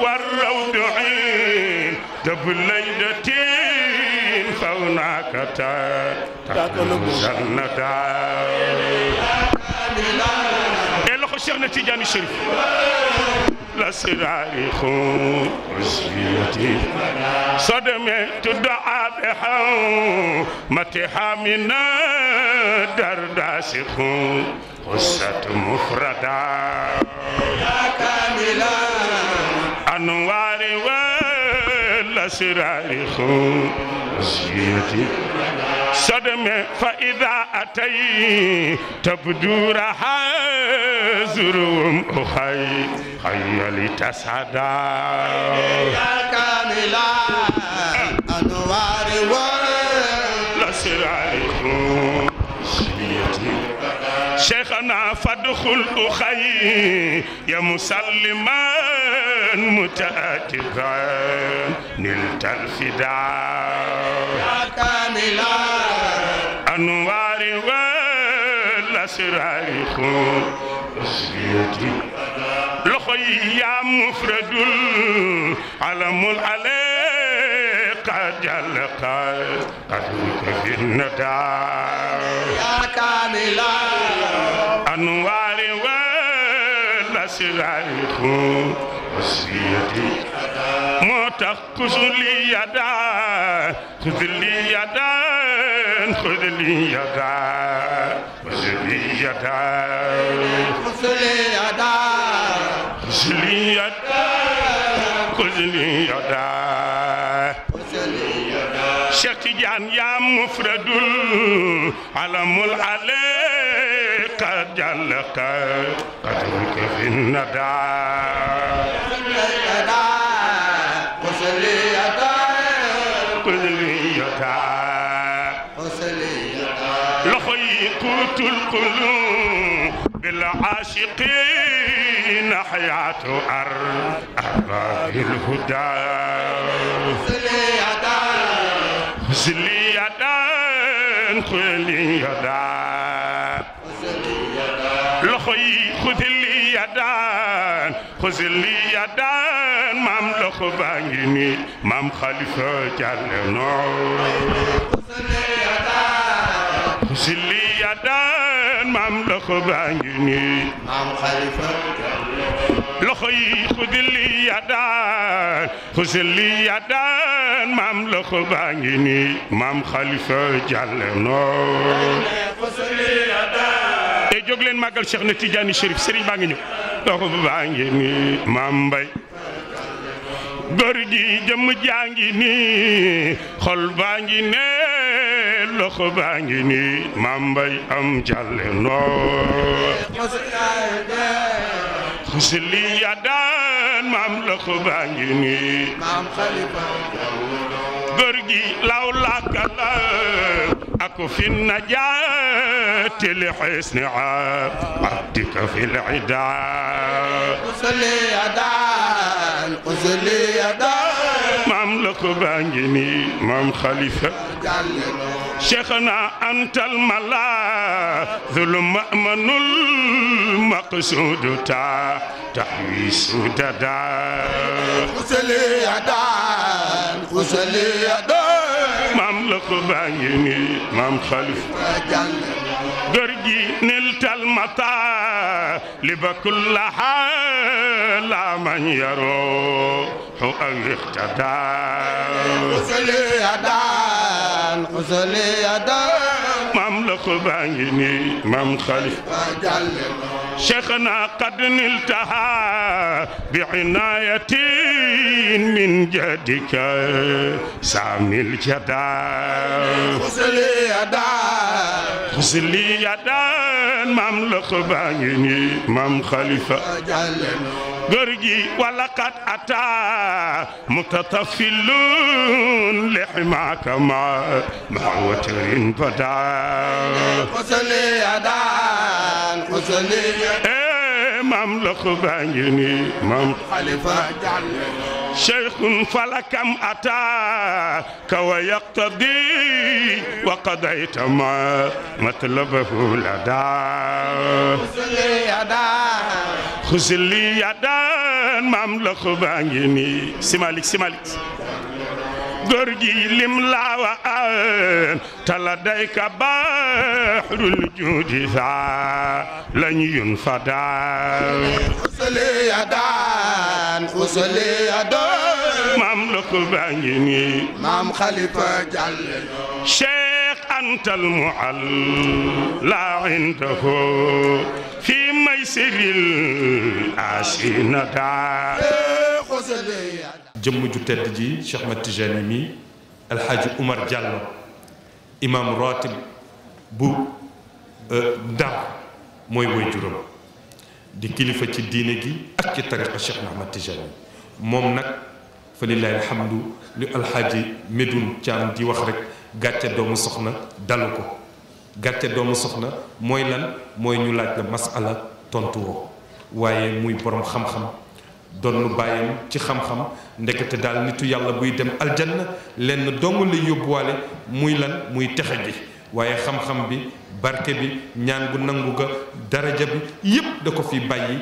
والروض عين دبل ليلتين فهناك تقلب جنة لخو شيخنا تيجاني الشريف لا سراري خزيتي صدمة تدعى بحو متها من درداس خو قصة مفردة يا كاملة الأنوار والأسرار خزيتي صدمة فإذا أتي تبدو رحازرهم أخي خيالي تسعدا شيخنا فادخل أخي يا مسلما متأتبا نلت الفداء يا كاملا أنوار والأسرار خذ لخي يا مفرد العلم العليق جل قدرك في الندى يا كاملا أنوار ولا صغار وسيدي موتى خذ لي يدا خذ لي يدا خذ لي يدا خذ لي يدا خذ لي يدا خذ لي يدا خذ لي يدا شكي جان يا مفرد العلم العلي قد جل قدرك في الندى قوت القلوب بالعاشقين حياة أرباب الهدى زلي يدان خلي يدان yi xusi li ya daan xusi li ya daan maam loxo baa ngi nii maam xalifa jàlle noo xusi li ya daan maam loxo baa ngi nii maam xalifa loxo yi xusi li ya daan xusi li ya daan maam loxo baa ngi nii maam xalifa jàlle noo xusi li ya daan te jóg leen màggal Cheikh na Tidiane Chérif Serigne baa ngi ñëw dox baa ngi nii maam Mbay góor gi jëm jaa ngi nii xol baa ngi nee loxo baa ngi nii maam am ya daan maam loxo baa ngi برقي لولاك الله أكو في النجاة لحسن عبدك في العدا قسلي يدان قسلي يدان مملك بانجني مام خليفة شيخنا أنت الملا ذو المأمن المقصود تحوي سوددا قسلي يدان usali doy maam lëkko baa ngi nii maam xalif góor gi nil tal mata li ba kullaha la man yaroo xu aw ixtadaan usali adaan usali adaan am la ko baa ngi nii maam xalif شيخنا قد نلتها بعناية من جدك سامي الجدار silli yadaan maam lëq baa ngi nii maam xalifa gër gi wala kat ata mutatafilun lexmaaka ma ma watarin bada xusali yadaan xusali eh, maam lëq baa ngi nii maam xalifa شيخ فلكم أتاك ويقتضي وقضيت ما مطلبه لدى خزلي يدا مملك بانجني سمالك سمالك درجي لملا وآن تلديك بحر الجود ذا لن ينفدا أصلي يدان أصلي يدان مملك بانيني مام خليفة جل شيخ أنت المعل لا عنده في ميسر العاشين دار jëmm ju tedd ji Cheikh Ahmed mi alxaaji Umar jàll imam ratib bu euh, Ndar mooy woy juróom di kilifa ci diine gi ak ci tariqa Cheikh Ahmed moom nag fa lillahi alhamdu li alxaaji Medoune Thiam di wax rek gàcce doomu soxna dalu ko gàcce doomu soxna mooy lan mooy ñu laaj la masala tontu waaye muy boroom xam-xam doon bàyyam ci xam-xam ndekete daal nitu yàlla buy dem aljanna lenn dong lay yóbbuwaale muy lan muy texe gi waaye xam-xam bi barke bi ñaan gu nangu ga daraja bi yépp da ko fi bàyyi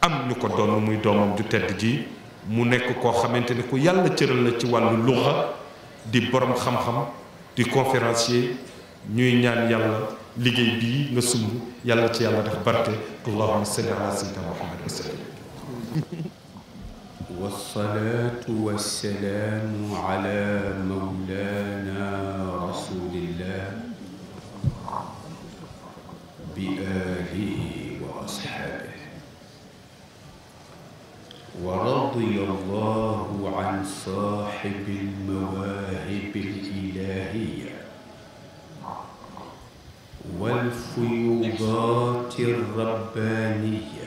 am ñu ko doon muy doomam ju tedd ji mu nekk koo xamante ni ku yàlla cëral la ci wàllu luxa di boroom xam-xam di conférencier ñuy ñaan yàlla liggéey bii nga sumb yàlla ci yàlla def barke allahumma salli ala muhammad wa sallam wasalaatu wasalaamu ala mawlaana rasulillah bi aalihi wa ashaabihi wa radiya allahu an saaxibi almawaahib alilaahiya walfuyudaati alrabbaaniya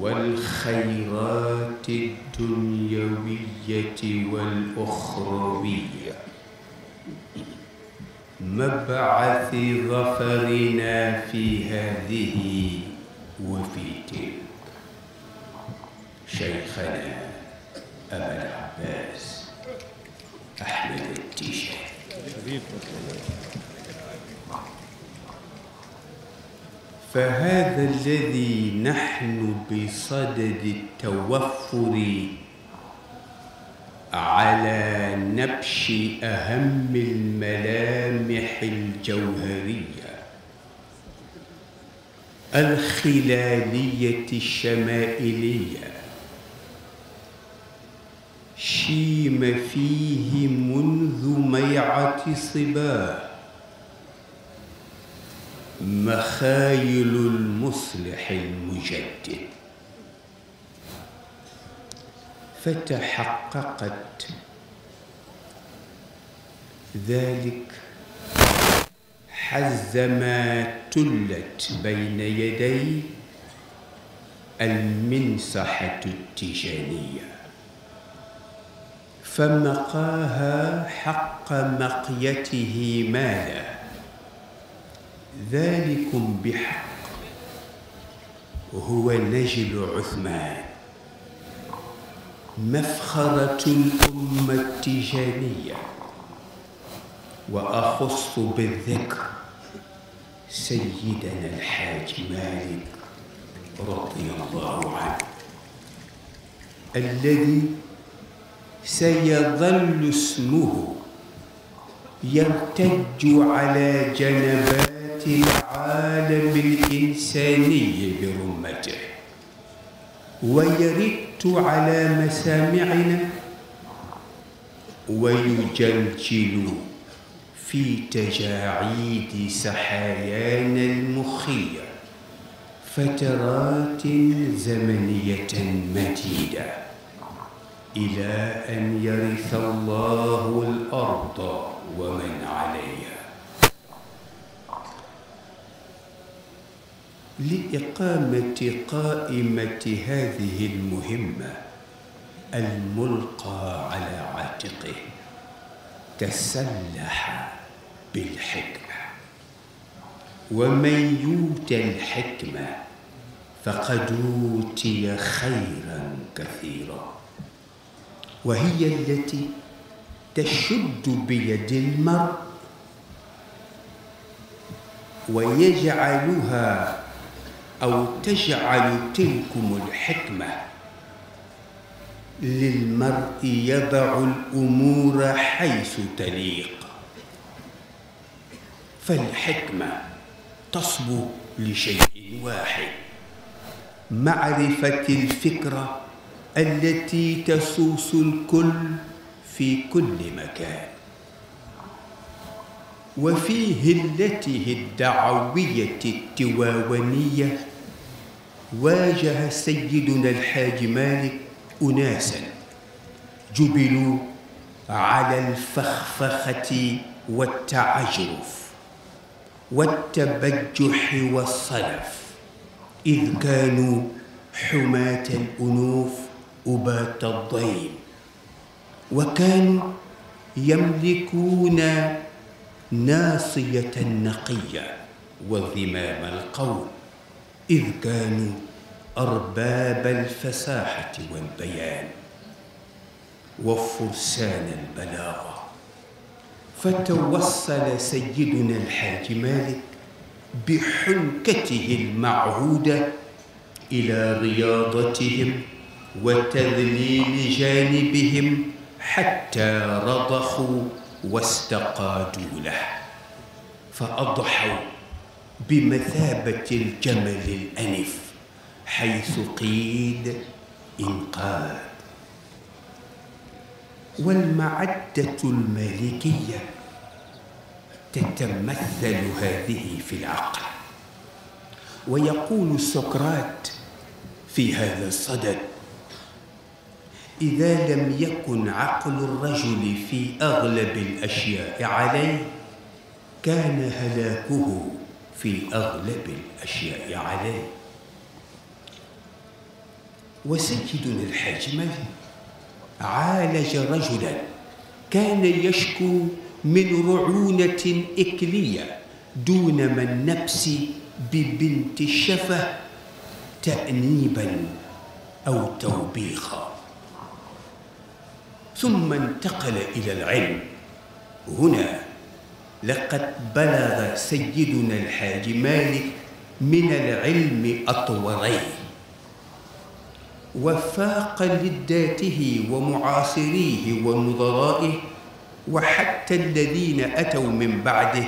والخيرات الدنيوية والأخروية مبعث ظفرنا في هذه وفي تلك شيخنا أبا العباس أحمد التيشان فهذا الذي نحن بصدد التوفر على نبش أهم الملامح الجوهرية الخلالية الشمائلية شيم فيه منذ ميعة صباه maxaayilul muslixil mujaddid فتحققت ذلك حز ما تلت بين يدي المنصحة التجانية فمقاها حق مقيته مالا ذلكم بحر هو نجل عثمان مفخرة الأمة التجانية وأخص بالذكر سيدنا الحاج مالك رضي الله عنه الذي سيظل اسمه يرتج على جنبات العالم الإنساني برمته ويرد على مسامعنا ويجلجل في تجاعيد سحايانا المخية فترات زمنية مديدة إلى أن يرث الله الأرض ومن عليها لإقامة قائمة هذه المهمة الملقى على عاتقه تسلح بالحكمة ومن يوت الحكمة فقد أوتي خيرا كثيرا وهي التي تشد بيد المرء ويجعلها aw tajcalu tilkum alxikma lilmari yadacu alumuura xaysu taliiq falxikma tasbu lishayin waaxid macrifati alfikra allati tasuusu alkull fi kulli makaan wa fi hillatihi dacawiyati tiwaawaniya waajaha sayiduna alxaaji malik unaasan jubiluu ala alfaxfaxati waltaajruf waltabajuxi walsalaf id kaanuu xumaata alunuuf ubaata aldayl wa kaanuu yamlikuuna ناصية نقية وذمام القول إذ كانوا أرباب الفساحة والبيان وفرسان البلاغة فتوصل سيدنا الحاج مالك بحنكته المعهودة إلى رياضتهم وتذليل جانبهم حتى رضخوا واستقادوا له فأضحوا بمثابة الجمل الأنف حيث قيد إنقاذ والمعدة المالكية تتمثل هذه في العقل ويقول سقراط في هذا الصدد إذا لم يكن عقل الرجل في أغلب الأشياء عليه كان هلاكه في أغلب الأشياء عليه وسيدنا الحجمي عالج رجلا كان يشكو من رعونة إكلية دون من نفس ببنت الشفه تأنيبا أو توبيخا ثم انتقل إلى العلم هنا لقد بلغ سيدنا الحاج مالك من العلم أطورين وفاق لذاته ومعاصريه ونظرائه وحتى الذين أتوا من بعده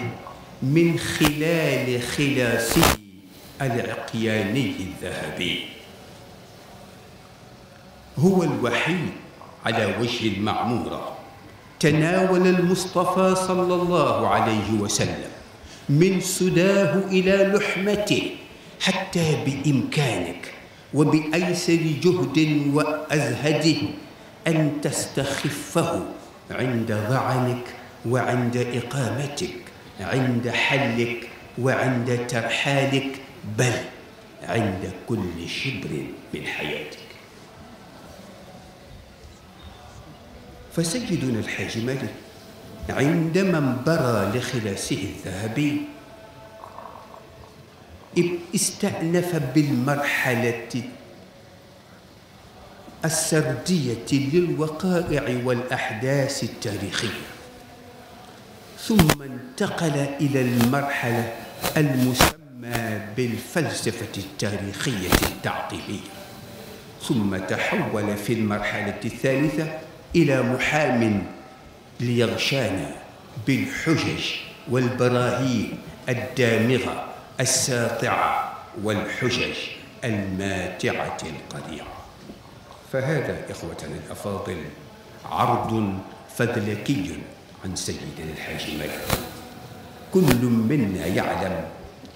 من خلال خلاسه العقياني الذهبي هو الوحيد على وجه معمورة تناول المصطفى صلى الله عليه وسلم من سداه إلى لحمته حتى بإمكانك وبأيسر جهد وأزهده أن تستخفه عند ظعنك وعند إقامتك عند حلك وعند ترحالك بل عند كل شبر من حياتك فسيدنا الحاج مالك عندما انبرى لخلاسه الذهبي استأنف بالمرحلة السردية للوقائع والأحداث التاريخية ثم انتقل إلى المرحلة المسمى بالفلسفة التاريخية التعطيلية ثم تحول في المرحلة الثالثة إلى محام ليغشانا بالحجج والبراهين الدامغة الساطعة والحجج الماتعة القريعة فهذا إخوتنا الأفاضل عرض فذلكي عن سيدنا الحاج مالك كل منا يعلم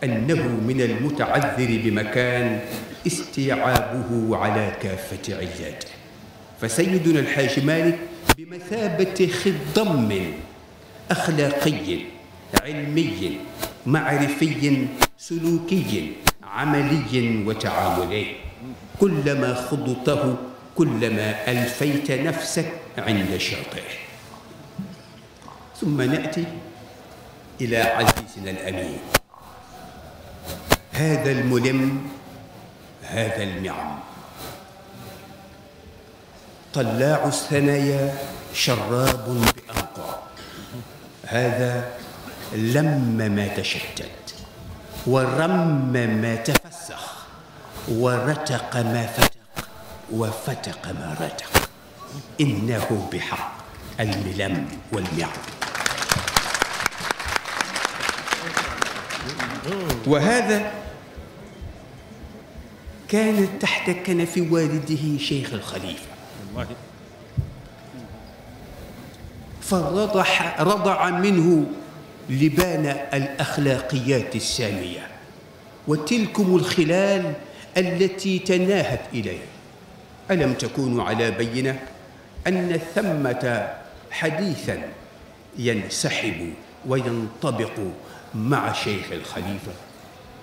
أنه من المتعذر بمكان استيعابه على كافة علاته fa sayyiduna alxaaji Malik bi mathabati xidamin axlaaqiyin ilmiyin maarifiyin sulukiyin amaliyin wa taamuliyin kullama xudutahu kullama alfayta nafsak inda shartihi ثم نأتي إلى عزيزنا الأمين هذا الملم هذا المعم طلاع الثنايا شراب بأنقع هذا لم ما تشتت ورم ما تفسخ ورتق ما فتق وفتق ما رتق إنه بحق الملم والمعن وهذا كانت تحت كنف والده شيخ الخليفه فرضع رضع منه لبان الأخلاقيات السامية وتلكم الخلال التي تناهت إليه ألم تكونوا على بينة أن ثمة حديثا ينسحب وينطبق مع شيخ الخليفة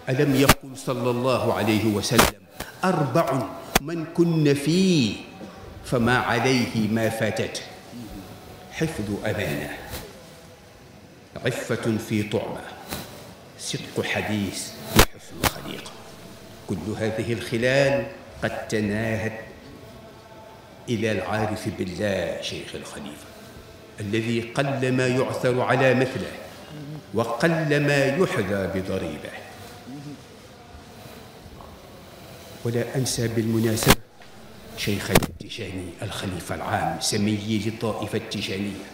ألم يقل صلى الله عليه وسلم أربع من كن فيه fa maa alayhi ma fatat xifdu amaana xiffatun fi tu'ma sidqu xadiis wa xusnu xaliqa kullu haadihi alxilaal qad tanaahat ila alaarifi billah cheikh alxalifa alladi qalla ma yu'taru ala mithlihi wa qalla ma yuxdaa bidariibihi wala ansa bilmunaasaba شيخ التجاني الخليفة العام سميه الطائفة التجانية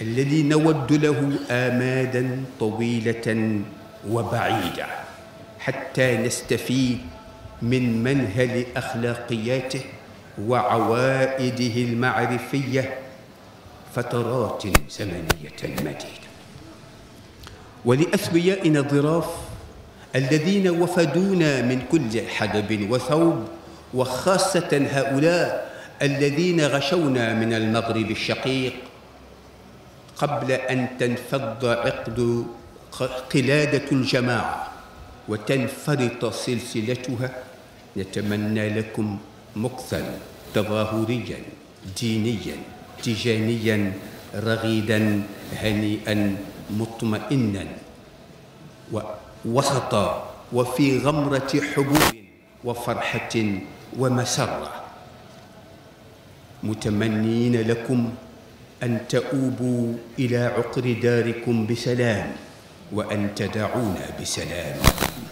الذي نود له آمادا طويلة وبعيدة حتى نستفيد من منهل أخلاقياته وعوائده المعرفية فترات زمنية مديدة ولأثريائنا الظراف الذين وفدونا من كل حدب وثوب وخاصة هؤلاء الذين غشونا من المغرب الشقيق قبل أن تنفض عقد قلادة الجماعة وتنفرط سلسلتها نتمنى لكم مكثا تظاهريا دينيا تجانيا رغيدا هنيئا مطمئنا ووسطا وفي غمرة حبور وفرحة ومسرة متمنين لكم أن تؤوبوا إلى عقر داركم بسلام وأن تدعونا بسلام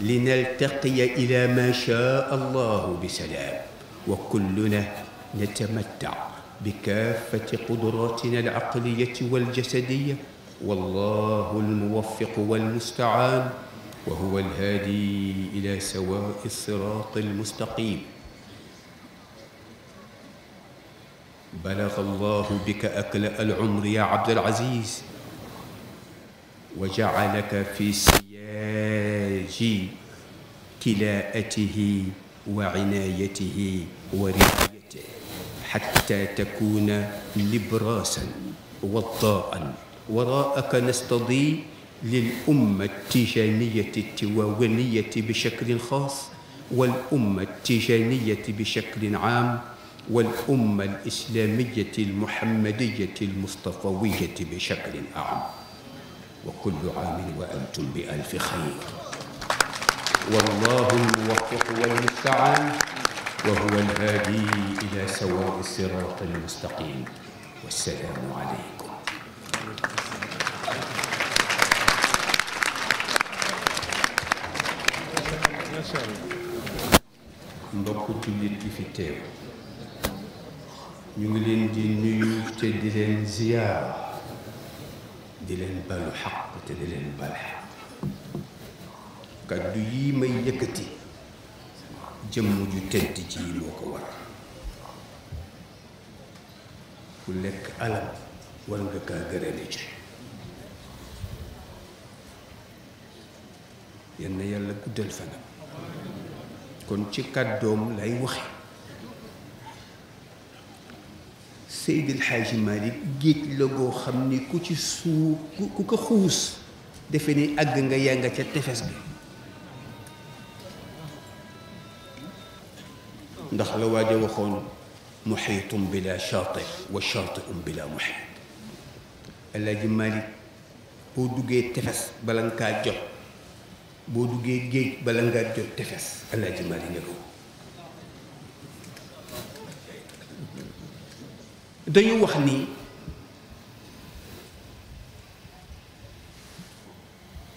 لنلتقي إلى ما شاء الله بسلام وكلنا نتمتع بكافة قدراتنا العقلية والجسدية والله الموفق والمستعان وهو الهادي إلى سواء الصراط المستقيم balaga allahu bika akla al umri ya abdal aziz wa jacalaka fi siyaaji kilaatihi wa cinaayatihi wa riayatihi xatta takuuna libraasan waddaan waraaka nastadi للأمة التيجانية التواوينية بشكل خاص والأمة التيجانية بشكل عام والأمة الإسلامية المحمدية المصطفوية بشكل أعم وكل عام وأنتم بألف خير والله الموفق والمستعان وهو الهادي إلى سواء الصراط المستقيم والسلام عليكم mbokku jullit yi fi teew ñu ngi leen di nuyu te di leen ziyaar di leen balu xaq te di leen bal xaq kàddu yi may yëkkati jëmm ju tedd ji moo ko war ku lekk alam war nga kaa gërëme ci yenn yàlla guddal fanam kon ci kàddoom lay waxe Seydil Xaaji Malik géej la goo xam ni ku ci suuf ku ko xuus defe ni àgg nga yaa nga ca tefes bi ndax la waaj a waxoon muxiitum bila shaati wa shaatium bila muxiit Alaaji Malik boo duggee tefes bala nga kaa jot boo duggee géej bala ngaa jot tefes Alaaji Malik nga ko dañu wax ni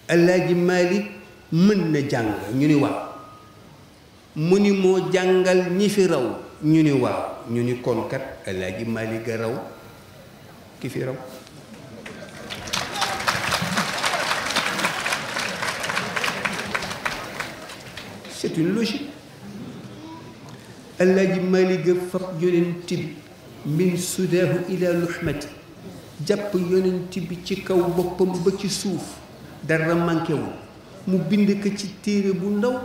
Alaaji Maalik mën na jàng ñu ni waaw mu ni moo jàngal ñi fi raw ñu ni waaw ñu ni konkat Alaaji Maalik ga raw ki fi raw c'est une logique Alaaji Maalik fab yonent bi min sudaahu ila luhmati jàpp yonent bi ci kaw boppam ba ci suuf dara manqué mu bind ko ci téere bu ndaw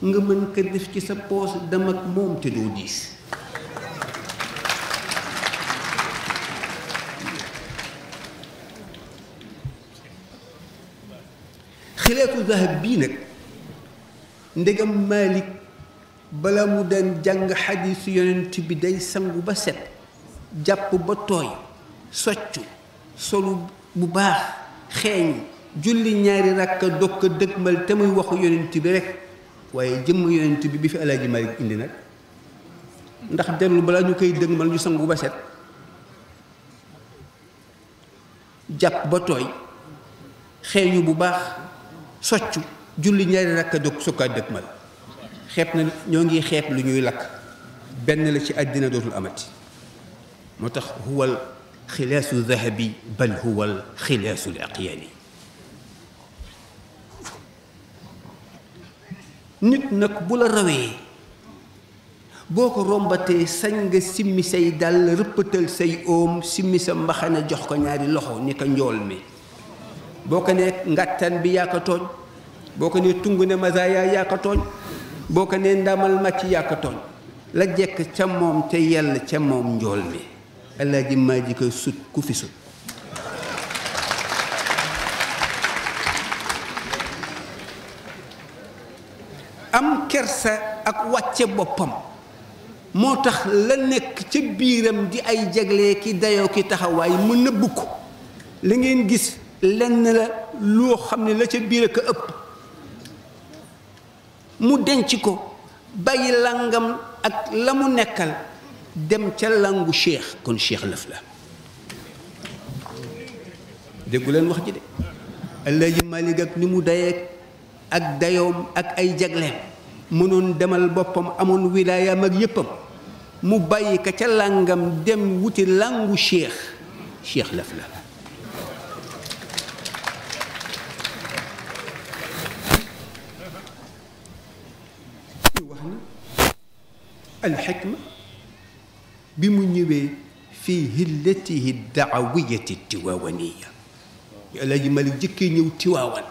nga mën ko def ci sa poos dem ak moom te doo diis xilaatu zahab bii nag ndegam Malik bala mu daan jàng xadiisu yonent bi day sangu ba set jàpp ba tooy soccu solu bu baax xeeñu julli ñaari rakka dog ko dëgmal te muy waxu yonent bi rek waaye jëmm yonent bi bi fi alaaji Malik indi nag ndax dellu balaa ñu koy dëgmal ñu sangu ba set jàpp ba tooy xeeñu bu baax soccu julli ñaari rakka dog sukkaa dëgmal xeeb na ñoo ngi xeeb lu ñuy lakk benn la ci àddina dootul amati moo tax huwal xilaasu dahabi bal huwal xilaasu aqyaani nit nag bu la rawee boo ko rombatee sañ nga simmi say dàll rëppatal say oom simmi sa mbaxana jox ko ñaari loxo ni ko njool mi boo ko nee ngàttan bi yaa boo ko nee tungu ne masaaya yaa ko boo ko nee ndamal màcc yaa ko la jekk ca moom te yell ca moom njool mi Alaaji maa ji am kersa ak wàcce boppam moo tax la nekk ca biiram di ay jegle ki dayoo ki taxawaay mu nëbb ko la ngeen gis lenn la loo xam ne la ca biir a ëpp mu denc ko bàyyi langam ak la mu nekkal dem ca langu cheikh kon cheikh lëf la déggu wax ji de Alaaji Malik ak ni mu dayee ak dayoom ak ay jagleem mënoon demal boppam amoon wilaayaam ak yéppam mu bàyyi ka ca làngam dem wuti làngu cheikh cheikh lëf la wax ni alxikma bi mu ñëwee fii hillatihi daawiyati tiwaawaniya Alaaji Malik jëkkee ñëw tiwaawan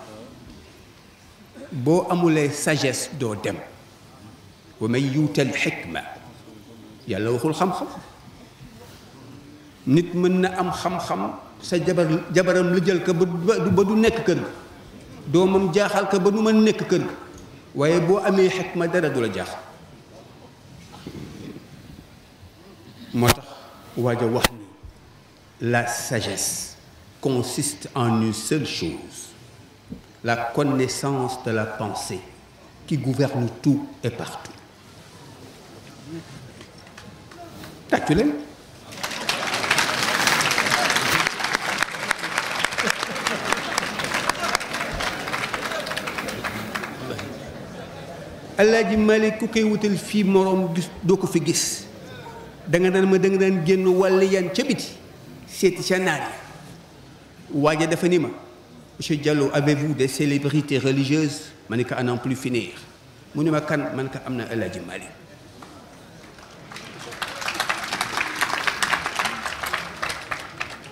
boo amulee sages doo dem wa man yuutal xikma yàlla waxul xam-xam nit mën na am xam-xam sa jabar jabaram la jël ka ba du nekk kër ga doomam jaaxal ka ba du mën nekk kër ga waaye boo amee xikma dara du la jaaxal moo tax waaj wax ni la sagesse consiste en une seule chose la connaissance de la pensée qui gouverne tout et partout tàccu leen Alaaji Malik ku koy wutal fii moroom gis doo ko fi gis da nga daan ma danga nga daan génn wàll yan ca biti seeti ca naar yi waaja dafa ni ma monsieur Diallo avez-vous des célébrités religieuses ma ne ko à n'en plus finir mu ni ma kan man ko am na El Hadj Malick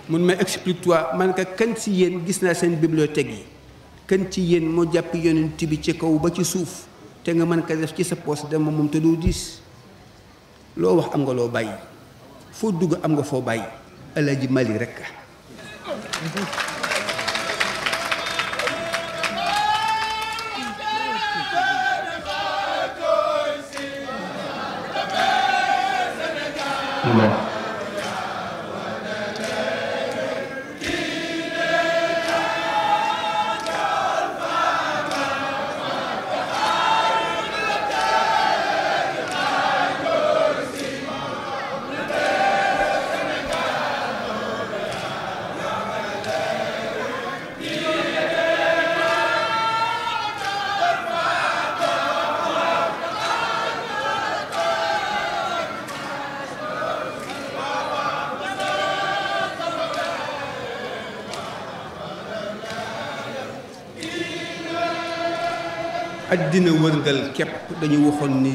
mun ma explique toi man ka kan ci yéen gis naa seen bibliothèque yi kan ci yéen moo jàpp yonent bi ci kaw ba ci suuf te nga mën ka def ci sa poos dama moom te doo diis loo wax am nga loo bàyyi foo dugg am nga foo bàyyi alaji mali rek Amen. àddina wërngal képp dañu waxoon ni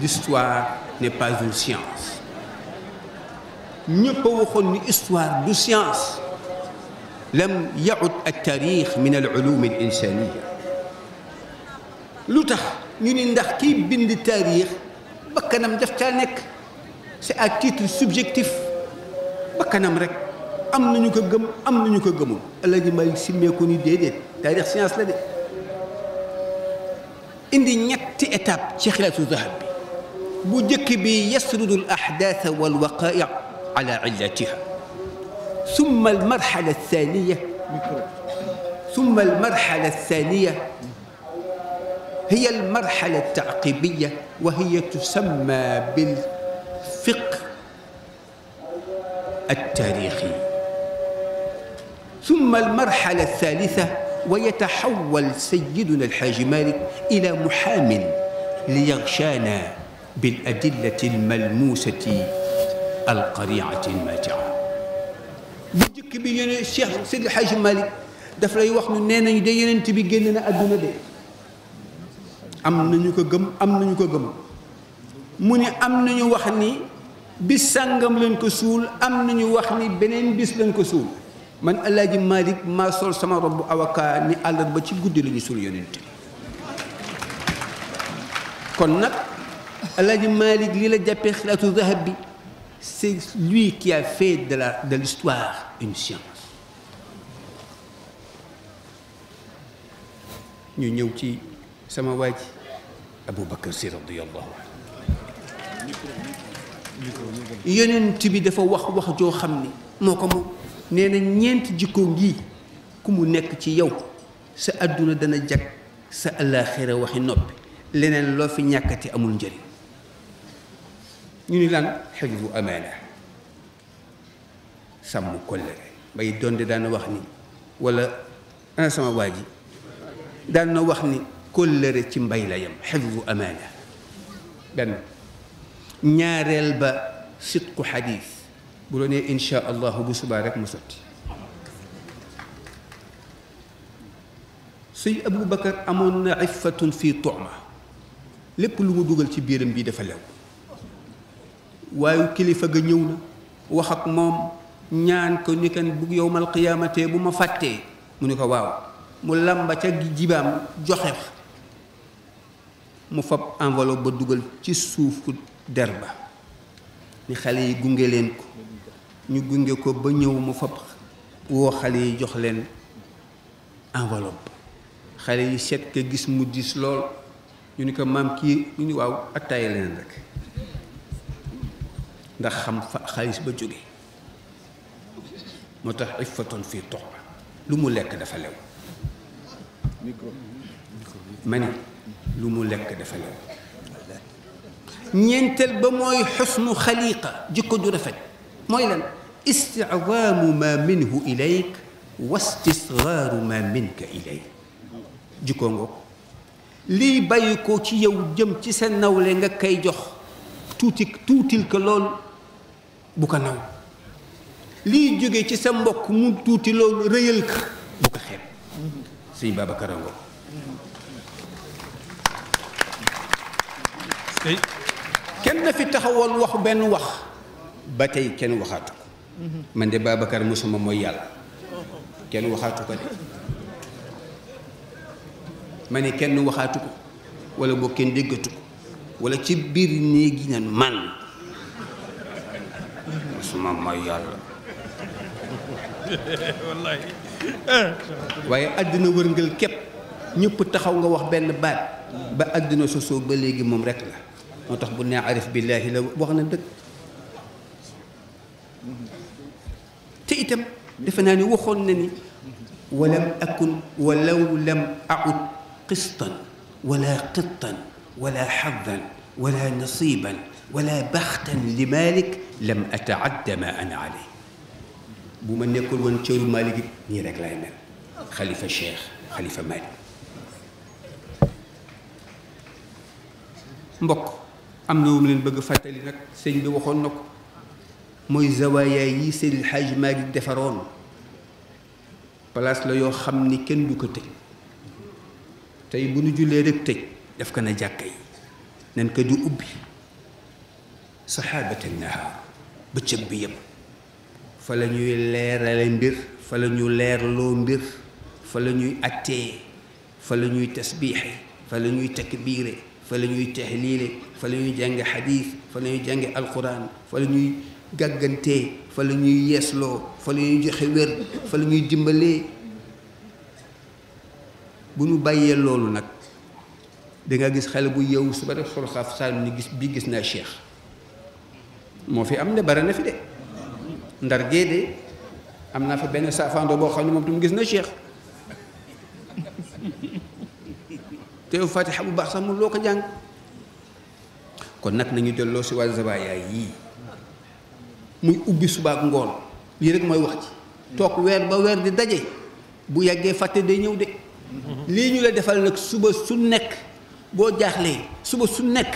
l'histoire n'est pas une science ñëpp a waxoon ni histoire du science lam yaud al taarix min al ulum al lu tax ñu ni ndax kiy bind taarix bakkanam daf caa nekk c'est à titre subjectif bakkanam rek am nañu ko gëm am nañu ko gëmul El Hadj Malick simmeeku ni déedéet taarix science la indi ñetti étape ci xilaasu zahab bi bu njëkk bi yasrudu al ahdath wal waqa'i ala illatiha summa al marhala al thaniya summa al marhala al thaniya hiya al marhala al ta'qibiyya wa hiya tusamma bil fiqh al tarikhi summa al marhala al thalitha ويتحول سيدنا الحاج مالك إلى محام ليغشانا بالأدلة الملموسة القريعة الماتعة bu njëkk bi ñu ne Cheikh Seydi Hadj Malick daf lay wax nu nee nañu de yenent bi génn na àdduna de am nañu ko gëm am nañu ko gëm mu ni am nañu wax ni bis sàngam lañ ko suul am nañu wax ni beneen bis lañ ko suul man alaaji Malick maa sol sama robu avocat ni àllarba ci guddi la ñu sul yonent kon nag alaaji Malick lii la jàppee xilaatu bi c'est lui qui de la une science ñu ñëw ci sama waaj Aboubacar Sy radiyallahu anhu bi dafa wax wax joo xam ni moo ko moom nee na ñeenti jikko ngi ku mu nekk ci yow sa àdduna dana jag sa àllaaxira waxi noppi leneen loo fi ñàkkati amul njëriñ ñu ni lan xifdu amaana sàmm kollëre bay donde daana wax ni wala ana sama waa ji daan na wax ni kollëre ci mbay la yam xifdu amaana benn ñaareel ba sidqu xadiis bu la nee insha allahu bu subaa rek mu sotti sëñ Abu Bakar amoon na iffatun fii tuuma lépp lu mu dugal ci biiram bi dafa lew waaye kilifa ga ñëw na wax ak moom ñaan ko ni kan bu yowmal qiyaamatee bu ma fàttee mu ni ko waaw mu làmba ca jibaam joxe mu fab enveloppe ba dugal ci suufu der ba ni xale yi gunge leen ñu gunge ko ba ñëw mu fab woo xale yi jox leen enveloppe xale yi seet ka gis mu diis lool ñu ni ko maam kii ñu ni waaw attaay leen rek ndax xam fa xaalis ba jóge moo tax iffatun fii toxba lu mu lekk dafa lew ma lu mu lekk dafa lew ñeenteel ba mooy xusnu xaliqa jikko ju rafet mooy lan isticwaamu ma minhu ilayk wa istisgaaru ma minka ilayk jikkoo ngoog lii bàyyi ko ci yow jëm ci seen nawle nga koy jox tuuti tuutil ko lool bu ko naw lii jóge ci sa mbokk mu tuuti loolu rëyal ka bu ko xeeb sëñ Babacar a kenn fi taxawoon wax benn wax ba tey kenn waxaatu ko man de Babacar mosuma mooy yàlla kenn waxaatu ko de ma ne kenn waxaatu ko wala boo kenn déggatu ko wala ci biir néegi nan man mosuma mooy yàlla waaye àddina wërngal képp ñëpp taxaw nga wax benn baat ba àddina sosoo ba léegi moom rek la moo tax bu nee arif billaahi la wax na dëkk defe naa ni waxoon na ni walam akun walaw lam aud qistan wala qittan wala xaddan wala nasiban wala baxtan li malik lam ataadda ma ana aley bu ma nekkul woon cëru malik it nii rek laay mel xalifa cheikh xalifa malik mbokk am na wu mu leen bëgg fàttali nag sëñ bi waxoon na ko mooy zawaayaay yi Seydil Hadj Malick defaroon place la yoo xam ni kenn du ko tëj tey bu nu jullee rek tëj def ko na jàkka yi nan ko du ubbi saxaabata nahaar bëccëg bi yëpp fa la ñuy leerale mbir fa la ñu leerloo mbir fa la ñuy attee fa la ñuy tasbiixe fa la ñuy takbiire fa la ñuy tahliile fa la ñuy jànge fa la ñuy jànge alquran fa la ñuy gàggantee fa la ñuy yeesloo fa la ñuy joxe wér fa la ñuy dimbalee bu nu bàyyee loolu nag danga gis xale bu yow suba rek xol xaaf saalum ni gis bi gis na cheikh moo fi am ne bare na fi de ndar de am naa fa benn saafaandoo boo xam ne moom tam gis na cheikh te fatiha bu baax sax mun loo ko jàng kon nag nañu delloo si waa zabaaya yii muy ubbi subaak ngoon lii rek mooy wax ci toog weer ba weer di daje bu yàggee fàtte day ñëw de lii ñu la defal nag suba su nekk boo jaaxlee suba su nekk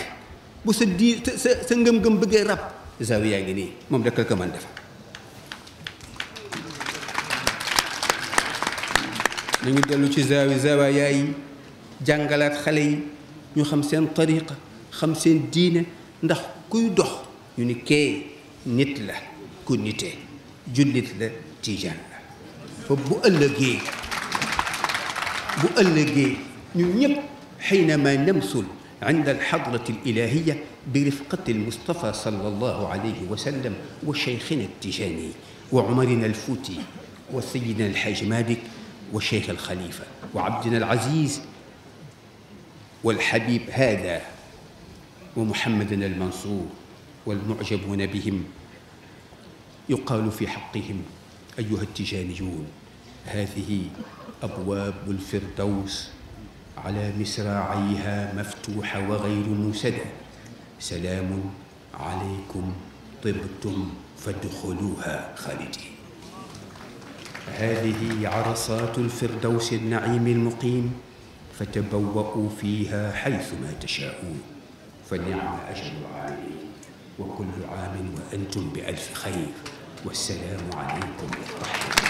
bu sa di sa ngëm-ngëm bëggee rab zawiya ngi nii moom rek ko mën defal nañu dellu ci zawi zawiya yi jàngalaat xale yi ñu xam seen tariqa xam seen diine ndax kuy dox ñu ni kee nit la ku nite jullit la tijaan la fa bu ëllëgee bu ëllëgee ñun ñëpp xaynama namsul عند الحضرة الإلهية برفقة المصطفى صلى الله عليه وسلم وشيخنا التجاني وعمرنا الفوتي وسيدنا الحاج مالك والشيخ الخليفة وعبدنا العزيز والحبيب هذا ومحمدنا المنصور walmujabuuna bihim yuqaalu fi xaqihim ayuha tijaaniyuun haadihi abwaabu lfirdaws ala misraaciha maftuuxa wa gayru musada salaamun alaykum tibtum fadxuluha xaalidin haadihi carasaatu lfirdaws annaciimi almuqiim fatabawwa'uu fiiha xaysumaa tashaa'uun fa nicma ajru laalimiin wa kullu aamin wa antum bi alfi xayr wassalaamu aleykum wa rahmatullaah.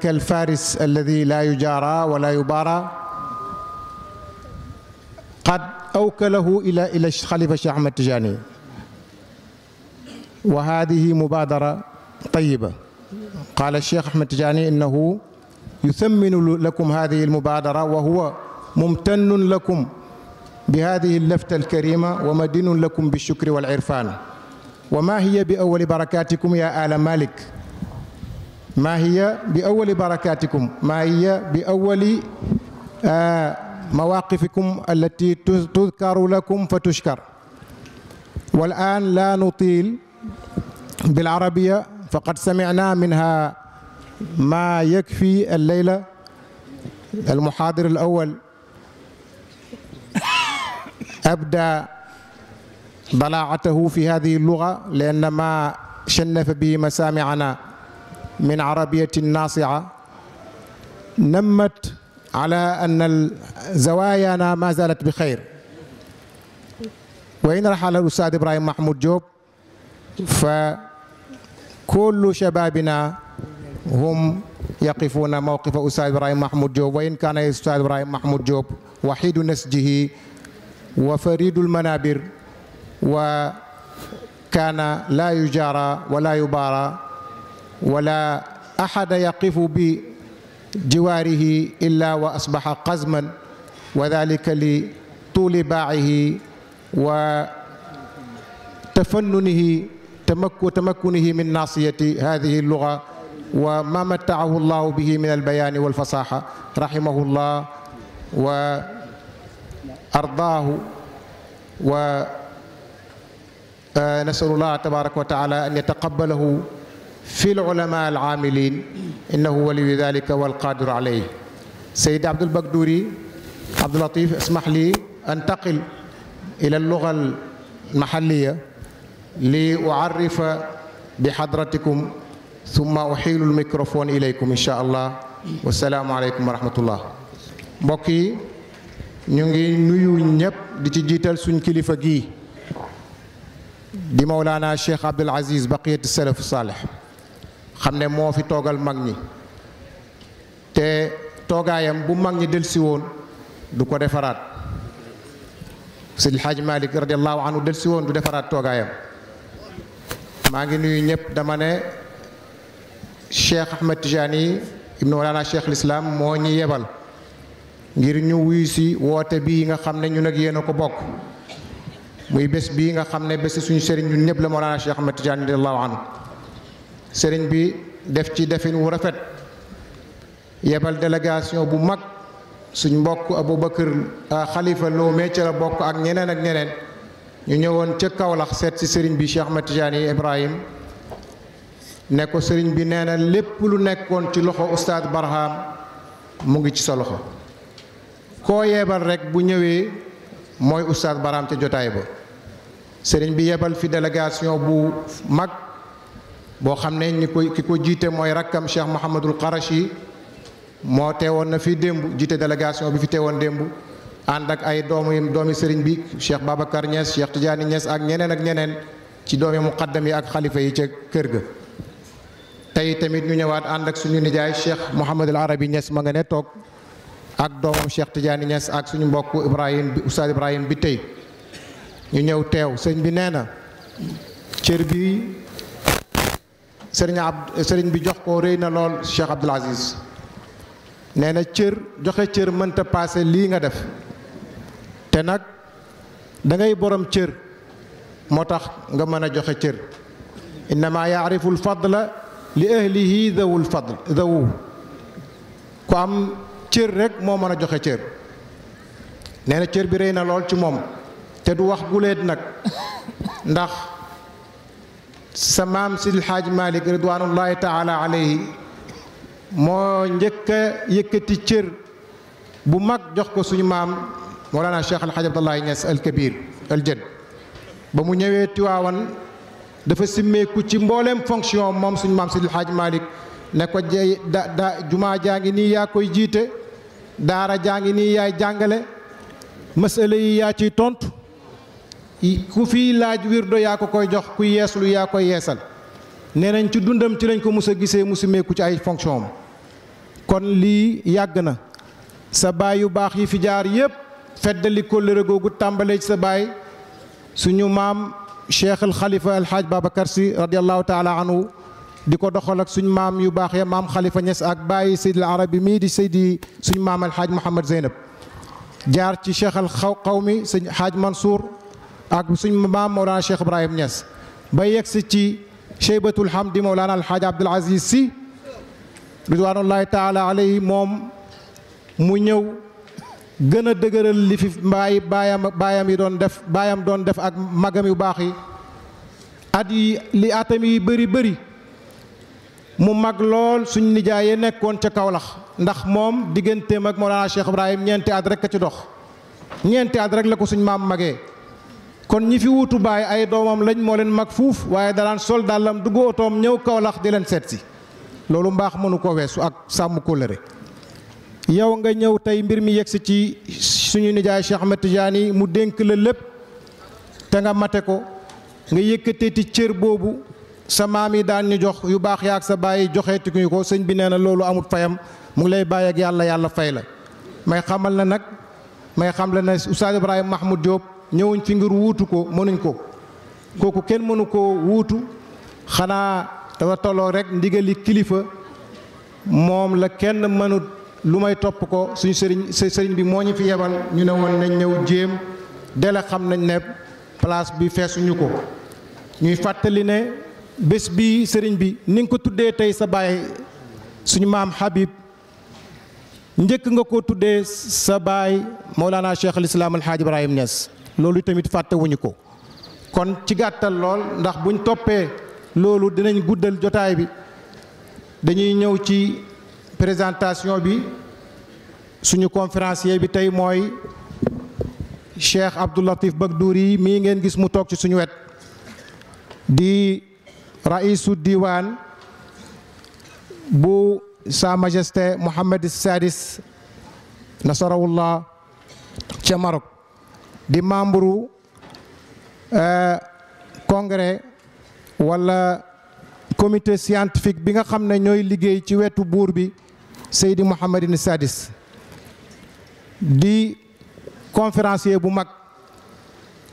كالفارس الذي لا يجارى ولا يبارى xad awkalahu ila ila xalifa Cheikh Ahmed Tijaani wa hadihi mubadara tayiba qaala Cheikh Ahmed Tijaani innahu yusamminu lakum hadihi almubadara wa huwa mumtannun lakum bi hadihi allafta alkarima wa madinun lakum bilshukri walirfan wa ma hiya bi awali barakatikum ya ala malik ma hiya bi awali barakatikum ma hiya bi awali مواقفكم التي تذكر لكم فتشكر والآن لا نطيل بالعربية فقد سمعنا منها ما يكفي الليلة المحاضر الأول أبدى ضلاعته في هذه اللغة لأن ما شنف به مسامعنا من عربية ناصعة نمت على أن زوايانا ما زالت بخير وإن رحل الأستاذ إبراهيم محمود جوب فكل شبابنا هم يقفون موقف أستاذ إبراهيم محمود جوب وإن كان أستاذ إبراهيم محمود جوب وحيد نسجه وفريد المنابر وكان لا يجارى ولا يبارى ولا أحد يقف ب jiwaarihi illaa wa asbaxa qazman wa dalika li tuuli baaxihi wa tafannunihi tamakku tamakkunihi min naasiyati hadihi luga wa ma mattaahu llahu bihi min albayaani walfasaxa rahimahu llah wa ardaahu wa ah, nasalu llah tabaraka wa taala an yataqabalahu fi lulama alaamilin innahu waliyu dalika walqadiru alayh sayid abdul bakduri abdulatif ismax li antaqil ila alluga almaxaliya li uarifa bixadratikum summa uxiilu almicrofone ilaykum insha allah wasalaamu aleykum wa rahmatullah mbokk yi ñu ngi nuyu ñépp di ci jiital suñ kilifa gii di mawlaana cheikh abdul aziz baqiyat salaf saalih xam ne moo fi toogal mag ñi te toogaayam bu mag ñi delsi woon du ko defaraat Seydi El Hadji Malick radiallahu anhu delsi woon du defaraat toogaayam maa ngi nuyu ñëpp dama ne Cheikh Ahmed Tijani ibnu Mawlana Cheikh l'Islam moo ñi yebal ngir ñu wuyu si woote bii nga xam ne ñun ak yéen a ko bokk muy bés bii nga xam ne bés suñu seriñ ñun ñëpp la Mawlana Cheikh Ahmed Tijani radiallahu anhu sëriñ bi def ci defin wu rafet yebal délégation bu mag suñ mbokk Aboubacar xalifa ah, Lomé ci la bokk ak ñeneen ak ñeneen ñu ñëwoon ca Kaolack seet si sëriñ bi Cheikh Ahmed Tidiane Ibrahim ne ko sëriñ bi nee na lépp lu nekkoon ci loxo Oustaz Barham mu ngi ci sa loxo koo yeebal rek bu ñëwee mooy Oustaz Barham ca jotaay ba sëriñ bi yebal fi délégation bu mag. boo xam ne ñi koy ki ko jiite mooy rakkam Cheikh Mouhamadul Qarashi moo teewoon na fi démb jiite délégation bi fi teewoon démb ànd ak ay doomu doomi sëriñ bi Cheikh Babacar Niass Cheikh Tidiane Niass ak ñeneen ak ñeneen ci doomi muqaddam yi ak xalifa yi ca kër ga. tey tamit ñu ñëwaat ànd suñu nijaay Cheikh Mouhamadul Arabi Niass ma nga ne toog ak doomam Cheikh Tidiane Niass ak suñu mbokk Ibrahim Oustaz Ibrahim bi tey ñu ñëw teew sëñ bi nee na cër bi. sëriñ sëriñ bi jox ko rëy na lool Cheikh Abdoul Aziz nee na cër joxe cër mënta paase lii nga def te nag dangay boroom cër moo tax nga mën a joxe cër innama yaarifu la li ahlihi dawul fadl dawu ku am cër rek moo mën a joxe cër nee na cër bi rëy na lool ci moom te du wax guleet nag ndax sa maam Sidil Hadj Malick ridwanullahi taala alayhi moo njëkk yëkkati cër bu mag jox ko suñu maam Mawlana Cheikh Al Hadj Abdallahi Niass al Kabir al Jëdd ba mu ñëwee Tiwaawan dafa simmeeku ci mbooleem fonction moom suñu maam Sidil Hadj Malick ne ko jey da da jumaa jaa ngi nii yaa koy jiite daara jaa ngi nii yaay jàngale masala yi yaa ciy tontu. ku fii laaj wirdo yaa ko koy jox ku yeeslu yaa koy yeesal nee nañ ci dundam ci lañ ko mus a gisee mu ci ay fonction am kon lii yàgg na sa baay yu baax yi fi jaar yépp feddali kóllëre googu tàmbalee ci sa baay suñu maam cheikh xalifa alhaaj babacar si radiallahu taala anhu di ko doxal ak suñu maam yu baax ya maam xalifa ñes ak bàyyi seydil arabi mii di seydi suñu maam alhaaj mouhamad zeynab jaar ci cheikh al xawmi sëñ haaj mansour ak suñ maam Mawlana Cheikh Ibrahim Niass ba yegsi ci Cheybatul Hamdi Mawlana Alxaaji Abdul Aziz Si ridwanullahi taala alayhi moom mu ñëw gën a dëgëral li fi mbaay baayam baayam yi doon def baayam doon def ak magam yu baax yi at yi li atam yi bëri bëri mu mag lool suñ nijaay nijaayee nekkoon ca Kawlax ndax moom digganteem ak Mawlana Cheikh Ibrahim ñeenti at rek a ci dox ñeenti at rek la ko suñ maam magee kon ñi fi wuutu baay ay doomam lañ moo leen mag fuuf waaye danaan sol dàllam dugg otoom ñëw Kaolack di leen seet si loolu mbaax mënu ko weesu ak sàmm kóllëre yow nga ñëw tey mbir mi yegsi ci suñu nijaay Cheikh Ahmed Tidiane mu dénk la lépp te nga mate ko nga yëkkateeti cër boobu sa maam yi daan ñu jox yu baax yaak sa bàyyi joxeetikuñu ko sëñ bi nee na loolu amut fayam mu ngi lay bàyyi ak yàlla yàlla fay la may xamal na nag may xam la ne Oustaz Ibrahima Mahmoud Diop ñëwuñ fi ngir wuutu ko mënuñ ko kooku kenn mënu koo wuutu xanaa dafa tolloo rek ndigali kilifa moom la kenn mënut lu may topp ko suñu sëriñ sëriñ bi moo ñu fi yebal ñu ne woon nañ ñëw jéem dele xam nañ ne place bi feesuñu ko ñuy fàttali ne bés bi sëriñ bi ni nga ko tuddee tey sa baay suñu maam Habib njëkk nga koo tuddee sa baay moo Mawlana Cheikh al Islam Alhaaj Ibrahim nes loolu tamit fàttewuñu ko kon ci gàttal lool ndax buñ toppee loolu dinañ guddal jotaay bi dañuy ñëw ci présentation bi suñu conférencier bi tey mooy Cheikh Abdou Latif Bagdouri mii ngeen gis mu toog ci suñu wet di raisu diwaan bu Sa Majesté Mohammed Sadis nasarawullah ca Maroc di membre euh, congrès wala comité scientifique bi nga xam ne ñooy liggéey ci wetu buur bi Seydi Mouhamadine Sadis di conférencier bu mag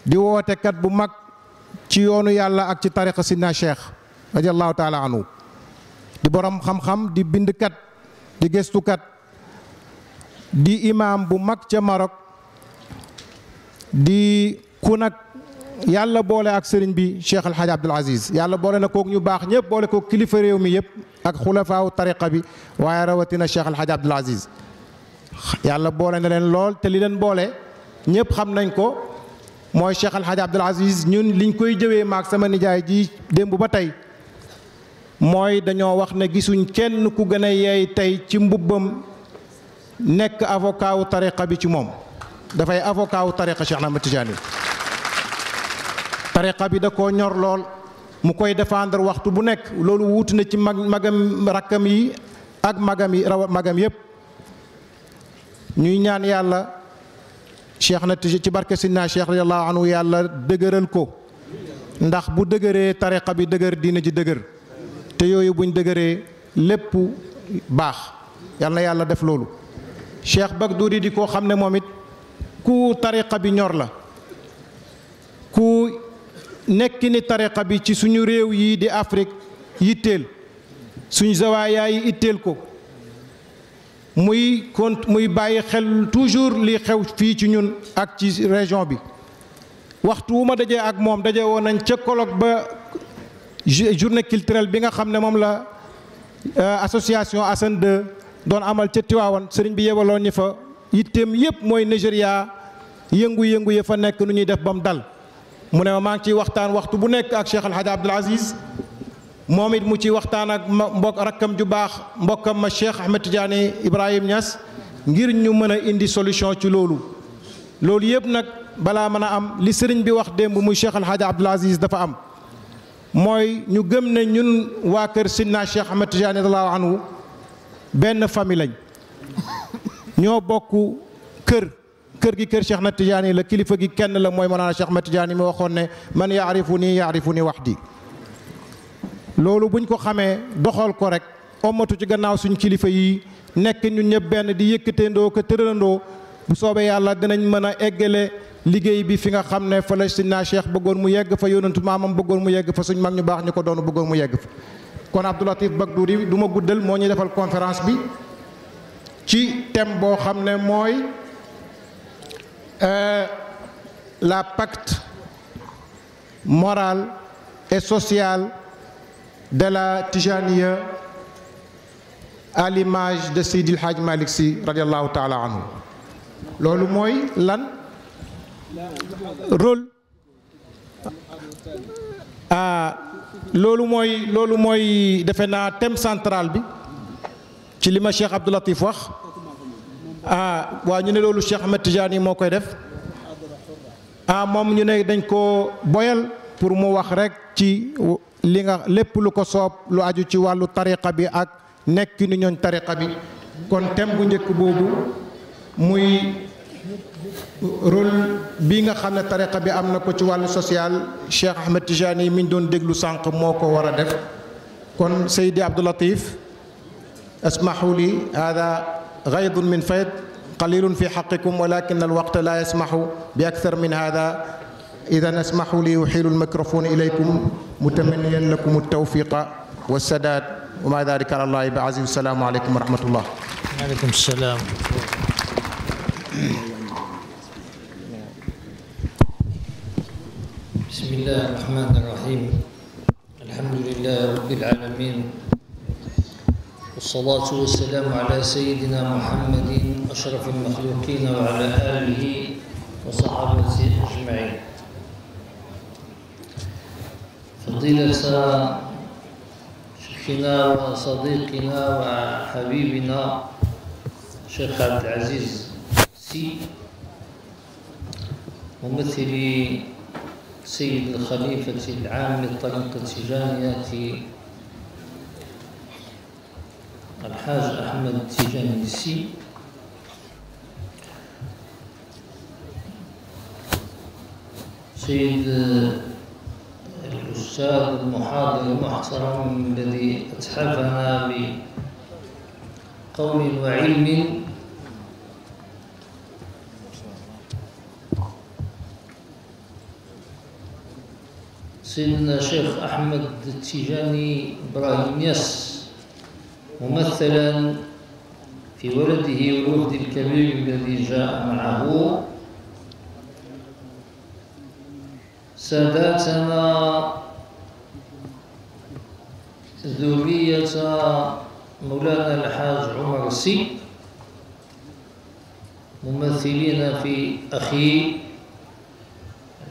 di wootekat bu mag ci yoonu yàlla ak ci tariqa sidna cheikh radiallahu taala anhu di borom xam-xam di bindkat di gëstukat di imam bu mag ca Maroc di ku nag yàlla boole ak sëriñ bi Cheikh El Hadj yàlla boole na kook ñu baax ñëpp boole kook kilifa réew mi yëpp ak xulafaaw tariqa bi waaye rawatina Cheikh El Hadj yàlla boole na leen lool te li leen boole ñëpp xam nañ ko mooy Cheikh El Hadj ñun liñ koy jëwee maak sama nijaay ji démb ba tey mooy dañoo wax ne gisuñ kenn ku gën a yeey tey ci mbubbam nekk avocat wu tariqa bi ci moom. dafay avocat wu na ma Ahmad Tidiane tariqa bi da koo ñor lool mu koy défendre waxtu bu nekk loolu wuuti na ci mag magam rakkam yi ak magam yi raw magam yépp ñuy ñaan yàlla cheikh na ci barke Sidna Cheikh radiyallahu anhu yàlla dëgëral ko ndax bu dëgëree tarixa bi dëgër diina ji dëgër te yooyu buñ dëgëree lépp baax yal na yàlla def loolu cheikh Bagdouri di koo xam ne moom ku tariqa bi ñor la ku nekk ni tariqa bi ci suñu réew yi di Afrique yitteel suñu zawaayaa yi itteel ko muy kont muy bàyyi xel toujours li xew fii ci ñun ak ci région bi waxtu wu ma dajee ak moom daje woon nañ ca colloque ba journée culturelle bi nga xam ne moom la euh, association Assane 2 doon amal ca Tiwaawan sëriñ bi yebaloon fa yitteem yëpp mooy Nigéria yëngu-yëngu ya fa nekk nu ñuy def ba mu dal mu ne ma maa ngi ciy waxtaan waxtu bu nekk ak Cheikh El Hadj Abdoul moom it mu ci waxtaan ak ma rakkam ju baax mbokkam ma Cheikh Ahmed Tidiane Ibrahim Niass ngir ñu mën a indi solution ci loolu loolu yëpp nag balaa mën a am li sëriñ bi wax démb muy Cheikh El Hadj Abdoul dafa am mooy ñu gëm ne ñun waa kër Sidna Cheikh Ahmed Tidiane radiyallahu anhu benn famille lañ. ñoo bokk kër kër gi kër Cheikh Ahmed Tidiane la kilifa gi kenn la mooy Mawlana Cheikh Ahmed Tidiane mi waxoon ne man yaarifuni yaarifuni wahdi loolu buñ ko xamee doxal ko rek ommatu ci gannaaw suñ kilifa yi nekk ñun ñëpp benn di yëkkateendoo ko tëralandoo bu soobee yàlla dinañ mën a eggale liggéey bi fi nga xam ne fa la suñ naa cheikh bëggoon mu yegg fa yonentu maamam bëggoon mu yegg fa suñ mag ñu baax ñu ko doon bëggoon mu yegg fa kon Abdoulatif Bagdouri du bi ci thème boo xam ne mooy euh, la pacte morale et sociale de la Tijaniya à l'image de Seydil Hadj Malick Sy radiallahu taala anhu loolu mooy lan rôle ah loolu mooy defe naa thème centrale bi li ma Cheikh Abdou Latif wax ah, waa ñu ne loolu Cheikh Ahmed Tidiane yi moo koy def ah moom ñu ne dañ koo boyal pour mu wax rek ci li nga lépp lu ko soob lu aju ci wàllu tariqa bi ak nekk ni ñooñ tariqa bi kon thème bu njëkk boobu muy rôle bii nga xam ne tariqa bi am na ko ci wàllu social Cheikh Ahmed Tidiane yi mi ñu doon déglu sànq moo ko war a def kon Seydi Abdou Latif اسمحوا لي هذا غيض من فيض قليل في حقكم ولكن الوقت لا يسمح بأكثر من هذا إذا اسمحوا لي أحيل الميكروفون إليكم متمنيا لكم التوفيق والسداد وما ذلك على الله بعزيز السلام عليكم ورحمة الله وعليكم السلام بسم الله الرحمن الرحيم الحمد لله رب العالمين والصلاة والسلام على سيدنا محمد أشرف المخلوقين وعلى آله وصحابته أجمعين فضيلة شيخنا وصديقنا وحبيبنا شيخ عبد العزيز سي ممثل سيد الخليفة العام للطريقة التجانية Alhaj Ahmed Tijanissi. سيد الأستاذ المحاضر المحترم الذي أتحفنا بقول وعلم سيدنا الشيخ أحمد التيجاني إبراهيم يس ممثلا في ولده والولد الكبير الذي جاء معه ساداتنا ذرية مولانا الحاج عمر السي ممثلين في أخي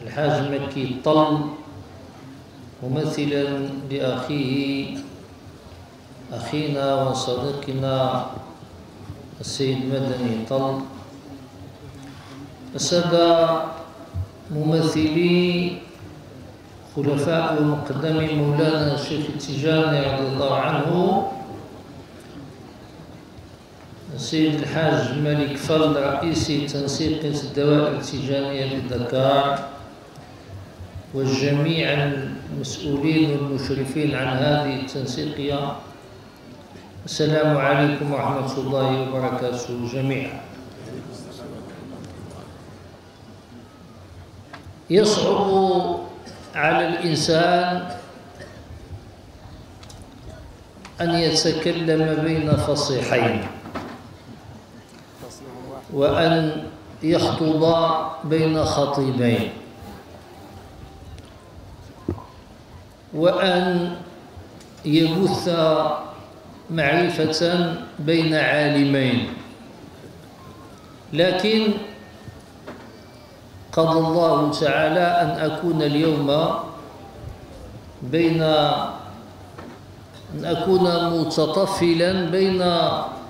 الحاج مكي طل ممثلا لأخيه أخينا وصديقنا السيد مدني طل وسبى ممثلي خلفاء ومقدمي مولانا الشيخ التجاني رضي الله عنه السيد الحاج ملك فضل رئيس تنسيق الدوائر التجارية بدكار والجميع المسؤولين والمشرفين عن هذه التنسيقية السلام عليكم ورحمة الله وبركاته جميعا يصعب على الإنسان أن يتكلم بين فصيحين وأن يخطب بين خطيبين وأن يبث معرفة بين عالمين لكن قضى الله تعالى أن أكون اليوم بين أن أكون متطفلا بين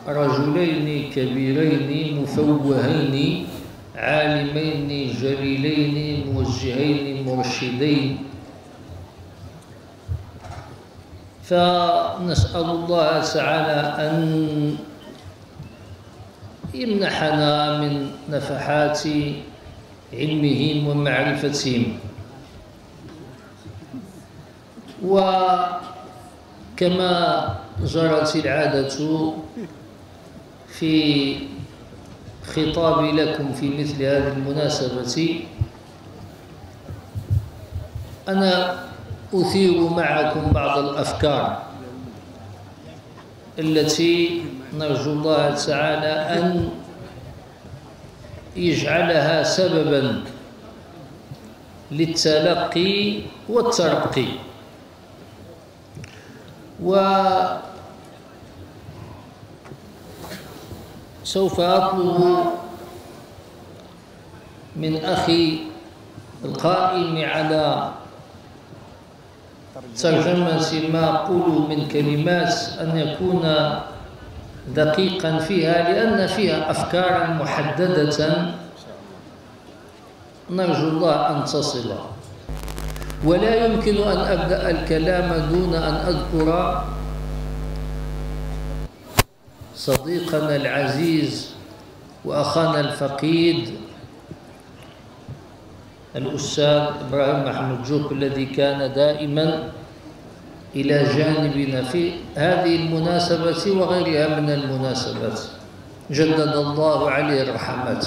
رجلين كبيرين مفوهين عالمين جليلين موجهين مرشدين فنسأل الله تعالى أن يمنحنا من نفحات علمهم ومعرفتهم وكما جرت العادة في خطابي لكم في مثل هذه المناسبة أنا أثير معكم بعض الأفكار التي نرجو الله تعالى أن يجعلها سببا للتلقي والترقي وسوف أطلب من أخي القائم على ترجمة ما أقول من كلمات أن يكون دقيقا فيها لأن فيها أفكارا محددة نرجو الله أن تصل ولا يمكن أن أبدأ الكلام دون أن أذكر صديقنا العزيز وأخانا الفقيد الأستاذ إبراهيم محمود جوك الذي كان دائما إلى جانبنا في هذه المناسبة وغيرها من المناسبات جدد الله عليه الرحمات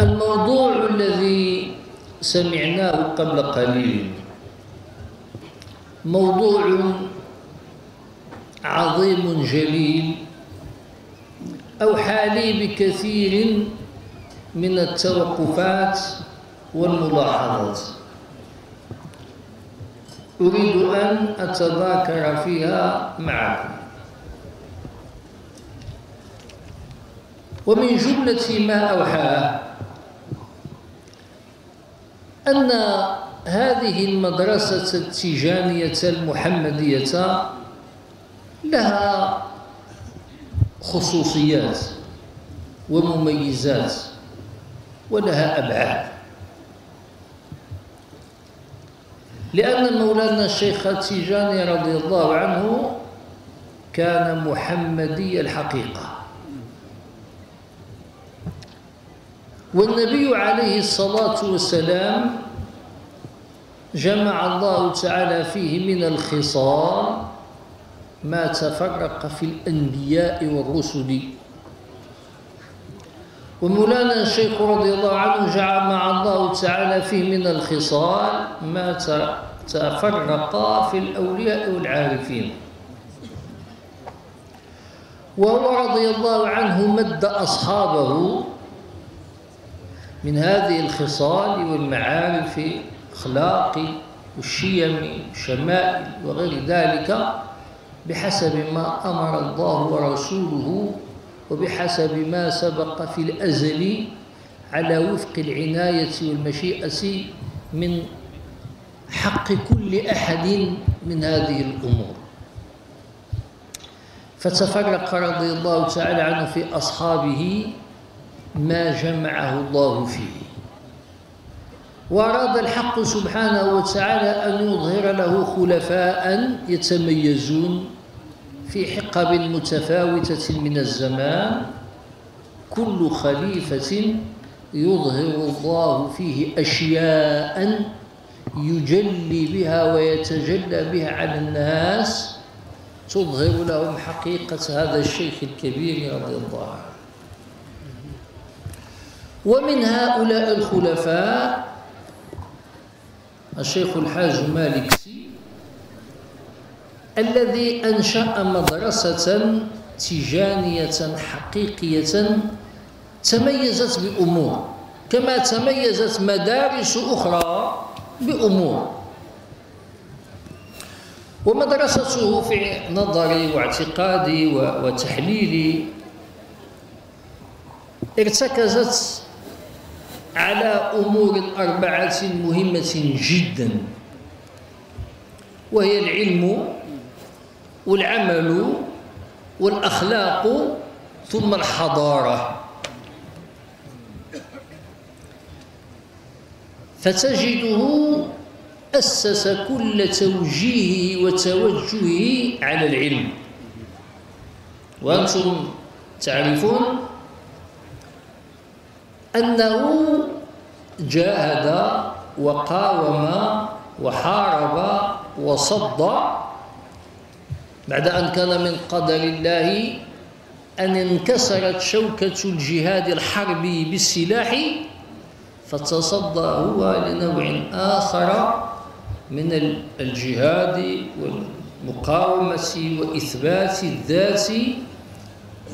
الموضوع الذي سمعناه قبل قليل موضوع عظيم جليل أو حالي بكثير من التوقفات والملاحظات أريد أن أتذاكر فيها معكم ومن جملة ما أوحاه أن هذه المدرسة التيجانية المحمدية لها خصوصيات ومميزات ولها أبعاد لأن مولانا الشيخ التيجاني رضي الله عنه كان محمدي الحقيقة والنبي عليه الصلاة والسلام جمع الله تعالى فيه من الخصال ما تفرق في الأنبياء والرسل ومولانا الشيخ رضي الله عنه جعل مع الله تعالى فيه من الخصال ما تفرق في الأولياء والعارفين وهو رضي الله عنه مد أصحابه من هذه الخصال والمعارف أخلاق والشيم والشمائل وغير ذلك بحسب ما أمر الله ورسوله وبحسب ما سبق في الأزل على وفق العناية والمشيئة من حق كل أحد من هذه الأمور فتفرق رضي الله تعالى عنه في أصحابه ما جمعه الله فيه وأراد الحق سبحانه وتعالى أن يظهر له خلفاء يتميزون في حقب متفاوتة من الزمان كل خليفة يظهر الله فيه أشياء يجلي بها ويتجلى بها على الناس تظهر لهم حقيقة هذا الشيخ الكبير رضي الله عنه ومن هؤلاء الخلفاء الشيخ الحاج مالك الذي أنشأ مدرسة تجانية حقيقية تميزت بأمور كما تميزت مدارس أخرى بأمور ومدرسته في نظري واعتقادي وتحليلي ارتكزت على أمور أربعة مهمة جدا وهي العلم والعمل والأخلاق ثم الحضارة فتجده أسس كل توجيهه وتوجهه على العلم وأنتم تعرفون أنه جاهد وقاوم وحارب وصد بعد أن كان من قدر الله أن انكسرت شوكة الجهاد الحربي بالسلاح فتصدى هو لنوع آخر من الجهاد والمقاومة وإثبات الذات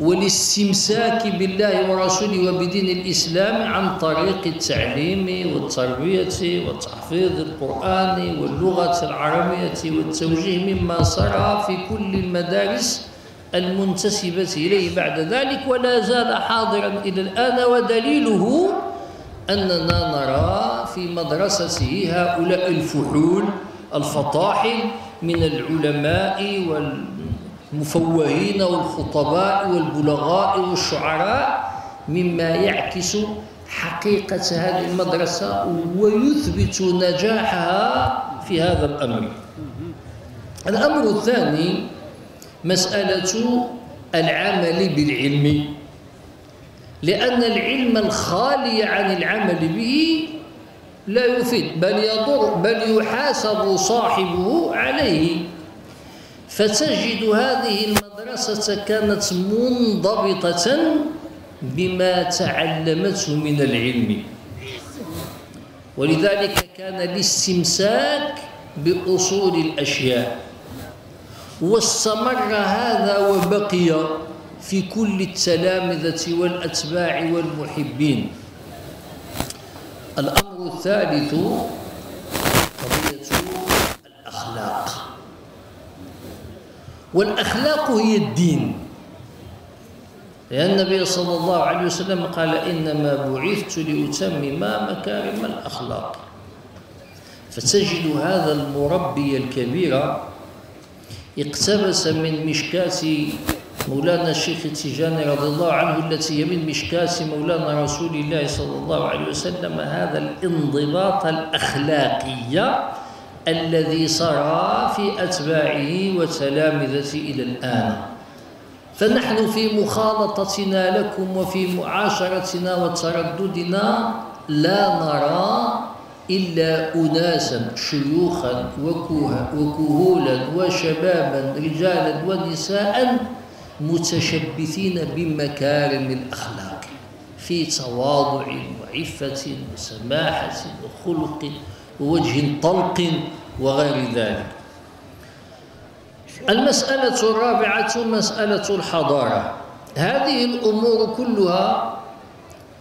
والاستمساك بالله ورسوله وبدين الإسلام عن طريق التعليم والتربية وتحفيظ القرآن واللغة العربية والتوجيه مما سرى في كل المدارس المنتسبة إليه بعد ذلك ولا زال حاضرا إلى الآن ودليله أننا نرى في مدرسته هؤلاء الفحول الفطاحل من العلماء وال المفوهين والخطباء والبلغاء والشعراء مما يعكس حقيقة هذه المدرسة ويثبت نجاحها في هذا الأمر الأمر الثاني مسألة العمل بالعلم لأن العلم الخالي عن العمل به لا يفيد بل يضر بل يحاسب صاحبه عليه فتجد هذه المدرسة كانت منضبطة بما تعلمته من العلم ولذلك كان الاستمساك بأصول الأشياء واستمر هذا وبقي في كل التلامذة والأتباع والمحبين الأمر الثالث قضية الأخلاق والأخلاق هي الدين لأن النبي صلى الله عليه وسلم قال إنما بعثت لأتمم مكارم الأخلاق فتجد هذا المربي الكبير اقتبس من مشكاة مولانا الشيخ التجاني رضي الله عنه التي هي من مشكاة مولانا رسول الله صلى الله عليه وسلم هذا الانضباط الأخلاقي الذي سرى في أتباعه وتلامذته إلى الآن فنحن في مخالطتنا لكم وفي معاشرتنا وترددنا لا نرى إلا أناسا شيوخا وكهولا وشبابا رجالا ونساء متشبثين بمكارم الأخلاق في تواضع وعفة وسماحة وخلق ووجه طلق وغير ذلك المسألة الرابعة مسألة الحضارة هذه الأمور كلها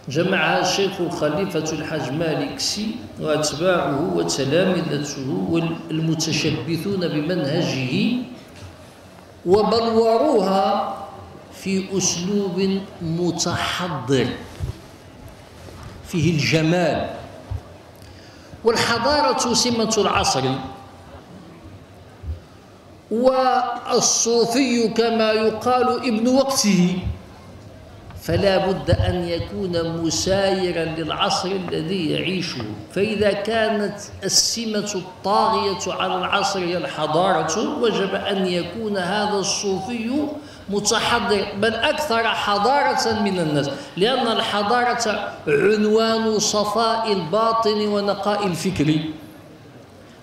جمعها الشيخ الخليفة الحاج مالك سي وأتباعه وتلامذته والمتشبثون بمنهجه وبلوروها في أسلوب متحضر فيه الجمال والحضارة سمة العصر والصوفي كما يقال ابن وقته فلا بد أن يكون مسايرا للعصر الذي يعيشه فإذا كانت السمة الطاغية على العصر هي الحضارة وجب أن يكون هذا الصوفي متحضر بل أكثر حضارة من الناس لأن الحضارة عنوان صفاء الباطن ونقاء الفكر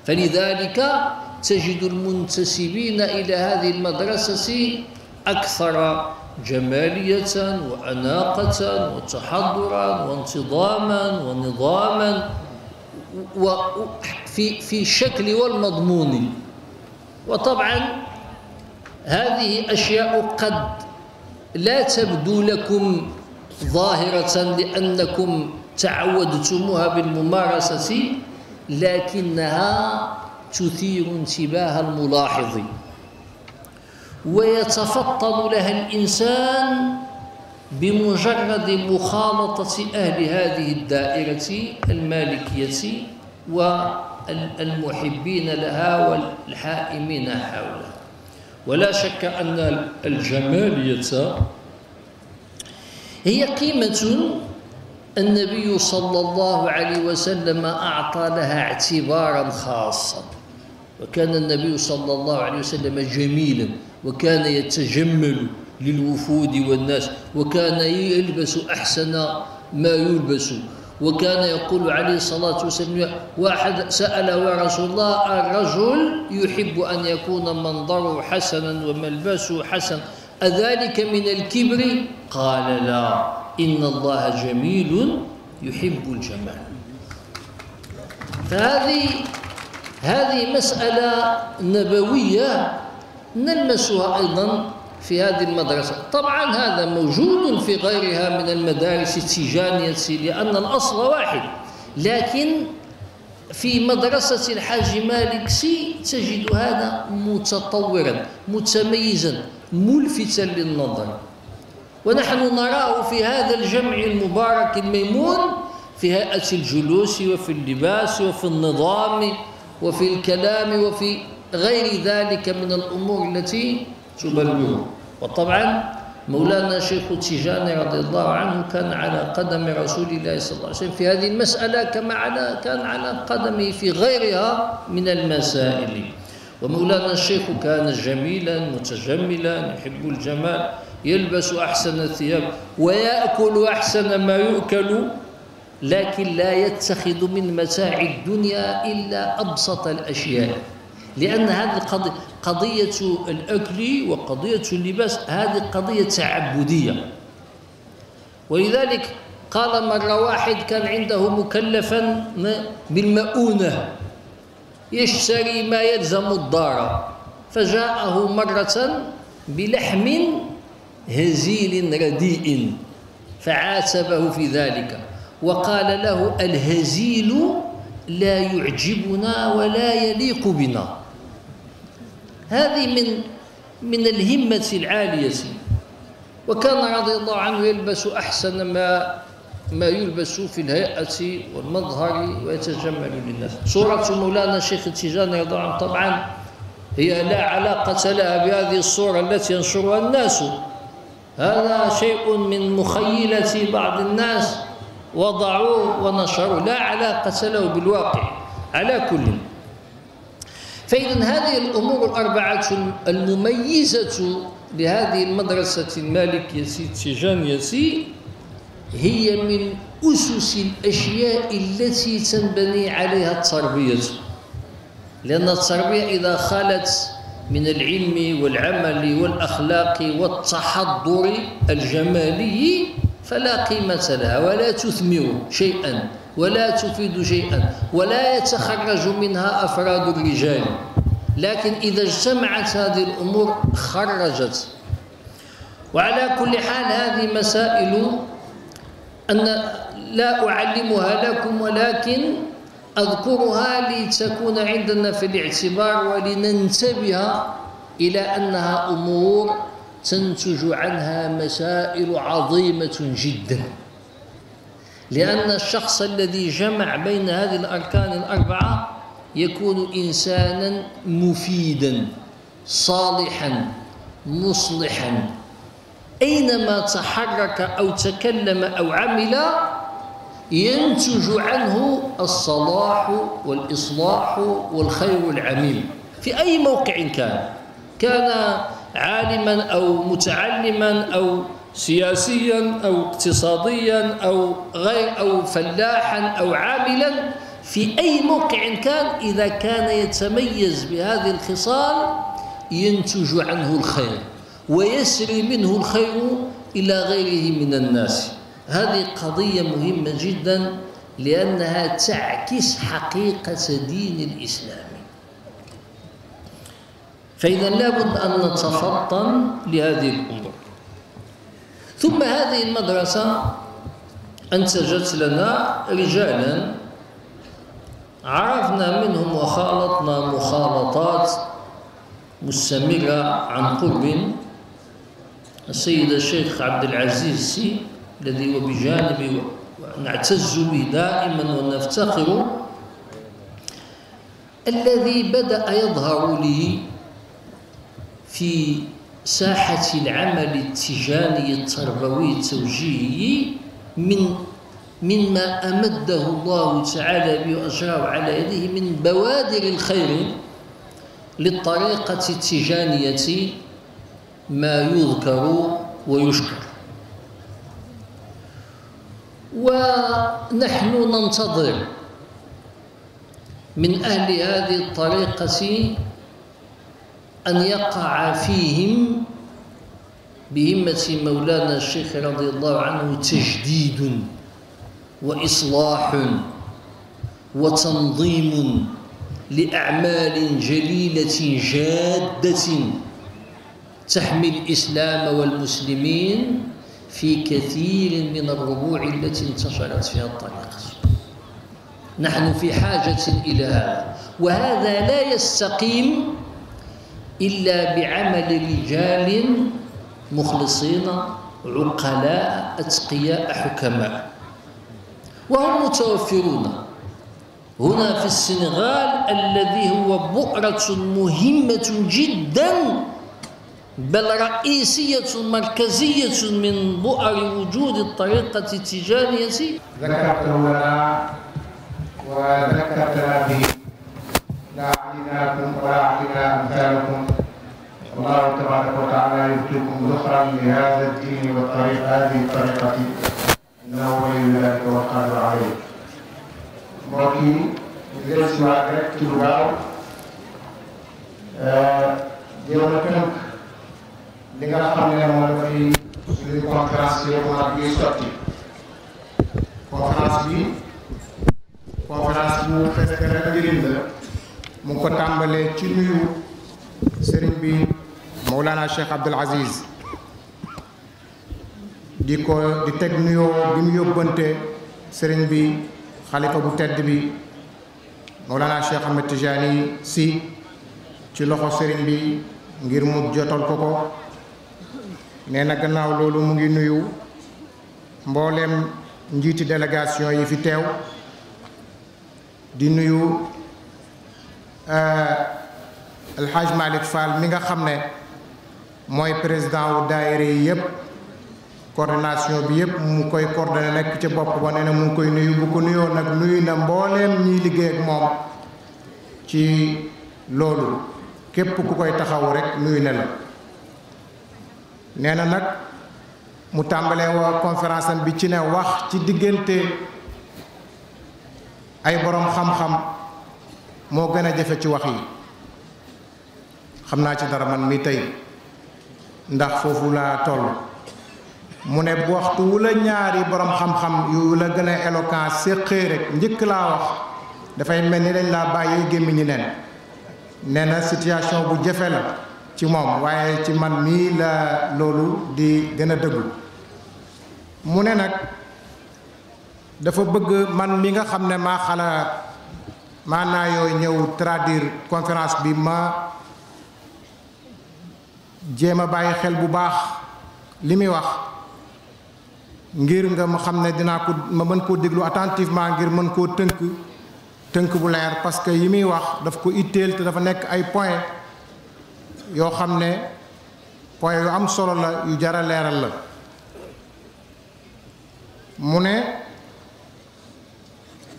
فلذلك تجد المنتسبين إلى هذه المدرسة أكثر جمالية وأناقة وتحضرا وانتظاما ونظاما وفي في الشكل والمضمون وطبعا هذه أشياء قد لا تبدو لكم ظاهرة لأنكم تعودتموها بالممارسة لكنها تثير انتباه الملاحظ ويتفطن لها الإنسان بمجرد مخالطة أهل هذه الدائرة المالكية والمحبين لها والحائمين حولها ولا شك أن الجمالية هي قيمة النبي صلى الله عليه وسلم أعطى لها اعتبارا خاصا وكان النبي صلى الله عليه وسلم جميلا وكان يتجمل للوفود والناس وكان يلبس أحسن ما يلبس وكان يقول عليه الصلاة والسلام واحد سأله رسول الله الرجل يحب أن يكون منظره حسنا وملبسه حسن أذلك من الكبر قال لا إن الله جميل يحب الجمال فهذه هذه مسألة نبوية نلمسها أيضا في هذه المدرسة طبعا هذا موجود في غيرها من المدارس التجانية لأن الأصل واحد لكن في مدرسة الحاج مالك سي تجد هذا متطورا متميزا ملفتا للنظر ونحن نراه في هذا الجمع المبارك الميمون في هيئة الجلوس وفي اللباس وفي النظام وفي الكلام وفي غير ذلك من الأمور التي تبلغه وطبعا مولانا شيخ تيجاني رضي الله عنه كان على قدم رسول الله صلى الله عليه وسلم في هذه المسألة كما على كان على قدمه في غيرها من المسائل ومولانا الشيخ كان جميلا متجملا يحب الجمال يلبس أحسن الثياب ويأكل أحسن ما يؤكل لكن لا يتخذ من متاع الدنيا إلا أبسط الأشياء لأن هذه القضية قضية الأكل وقضية اللباس هذه قضية تعبدية ولذلك قال مرة واحد كان عنده مكلفا بالمؤونة يشتري ما يلزم الدار فجاءه مرة بلحم هزيل رديء فعاتبه في ذلك وقال له الهزيل لا يعجبنا ولا يليق بنا هذه من من الهمة العالية وكان رضي الله عنه يلبس أحسن ما ما يلبس في الهيئة والمظهر ويتجمل للناس صورة مولانا الشيخ التجاني رضي الله عنه طبعا هي لا علاقة لها بهذه الصورة التي ينشرها الناس هذا شيء من مخيلة بعض الناس وضعوه ونشروه لا علاقة له بالواقع على كل فإذا هذه الأمور الأربعة المميزة لهذه المدرسة المالكية التجانية هي من أسس الأشياء التي تنبني عليها التربية لأن التربية إذا خلت من العلم والعمل والأخلاق والتحضر الجمالي فلا قيمة لها ولا تثمر شيئا ولا تفيد شيئا ولا يتخرج منها أفراد الرجال لكن إذا اجتمعت هذه الأمور خرجت وعلى كل حال هذه مسائل أن لا أعلمها لكم ولكن أذكرها لتكون عندنا في الاعتبار ولننتبه إلى أنها أمور تنتج عنها مسائل عظيمة جداً لأن الشخص الذي جمع بين هذه الأركان الأربعة يكون إنسانا مفيدا صالحا مصلحا أينما تحرك أو تكلم أو عمل ينتج عنه الصلاح والإصلاح والخير العميم في أي موقع كان كان عالما أو متعلما أو سياسيا أو اقتصاديا أو غير أو فلاحا أو عاملا في أي موقع كان إذا كان يتميز بهذه الخصال ينتج عنه الخير ويسري منه الخير إلى غيره من الناس هذه قضية مهمة جدا لأنها تعكس حقيقة دين الإسلام فإذا لابد أن نتفطن لهذه الأمور ثم هذه المدرسة أنسجت لنا رجالا عرفنا منهم وخالطنا مخالطات مستمرة عن قرب السيد الشيخ عبد العزيز سي الذي هو بجانبي نعتز به دائما ونفتخر الذي بدأ يظهر لي في ساحة العمل التجاري التربوي التوجيهي من مما أمده الله تعالى به وأجره على يده من بوادر الخير للطريقة التجانية ما يذكر ويشكر ونحن ننتظر من أهل هذه الطريقة أن يقع فيهم بهمة مولانا الشيخ رضي الله عنه تجديد وإصلاح وتنظيم لأعمال جليلة جادة تحمي الإسلام والمسلمين في كثير من الربوع التي انتشرت فيها الطريقة نحن في حاجة إلى هذا وهذا لا يستقيم إلا بعمل رجال مخلصين عقلاء أتقياء حكماء وهم متوفرون هنا في السنغال الذي هو بؤرة مهمة جدا بل رئيسية مركزية من بؤر وجود الطريقة التجارية ذكرت لنا وذكرت به لا أعلناكم ولا أعلنا أمثالكم الله تبارك وتعالى يبتلكم ذخرا لهذا الدين والطريق هذه الطريقة إنه ولي ذلك والقادر عليه mbokk yi dellusi waat rek ci lu gaaw jéem a tënk li nga xam ne moom la fi suñu conférence yi mu mag bi sotti conférence bi conférence bu fekkee njëriñ la mu ngi ko tàmbalee ci nuyu sëriñ bi Mawlana Cheikh Abdoul Aziz di ko di teg nuyoo bi mu yóbbante sëriñ bi xalifa bu tedd bi Mawlana Cheikh Ahmed Tijani si ci loxo sëriñ bi ngir mu jotol ko ko nee na gannaaw loolu mu ngi nuyu mbooleem njiiti délégation yi fi teew di nuyu Euh, alxaaj Malick Fall mi nga xam ne mooy président wu daayira yi yëpp coordination bi yëpp mu koy coordonné nekk ci bopp ba nee na mu ngi koy nuyu bu ko nuyoo nag nuyu na mbooleem ñiy liggéey ak moom ci loolu képp ku koy taxawu rek nuyu na la nee na nag mu tàmbalee waa conférence bi ci ne wax ci diggante ay boroom xam-xam moo gën a jafe ci wax yi xam naa ci dara man mi tey ndax foofu laa toll mu ne bu waxtu wu la ñaari boroom xam-xam yu la gën a éloquent séqee rek njëkk laa wax dafay mel ni dañ laa bàyyi gémmiñu neen nee na situation bu jafe la ci moom waaye ci man mii la loolu di gën a dëggu mu ne nag dafa bëgg man mi nga xam ne maa xala maanaa yoo ñëw traduire conférence bi ma jéem a bàyyi xel bu baax li muy wax ngir nga ma xam ne dinaa ko ma mën koo déglu attentivement ngir mën koo tënk tënk bu leer parce que yi muy wax daf ko itteel te dafa nekk ay point yoo xam ne point yu am solo la yu jara leeral la mu ne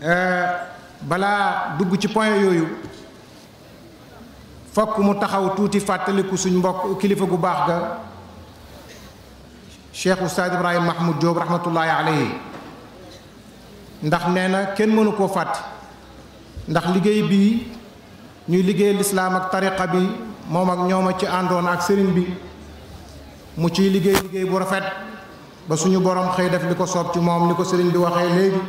euh, balaa dugg ci point yooyu fokk mu taxaw tuuti fàttaliku suñ mbokk kilifa gu baax ga cheikh oustaz ibrahima mahmoud Diop rahmatullahi alayhi ndax nee na kenn mënu koo fàtt ndax liggéey bii ñuy liggéey lislaam ak tariqa bi moom ak ñoom a ci àndoon ak sëriñ bi mu ciy liggéey liggéey bu rafet ba suñu borom xëy def li ko soob ci moom li ko sëriñ bi waxee léegi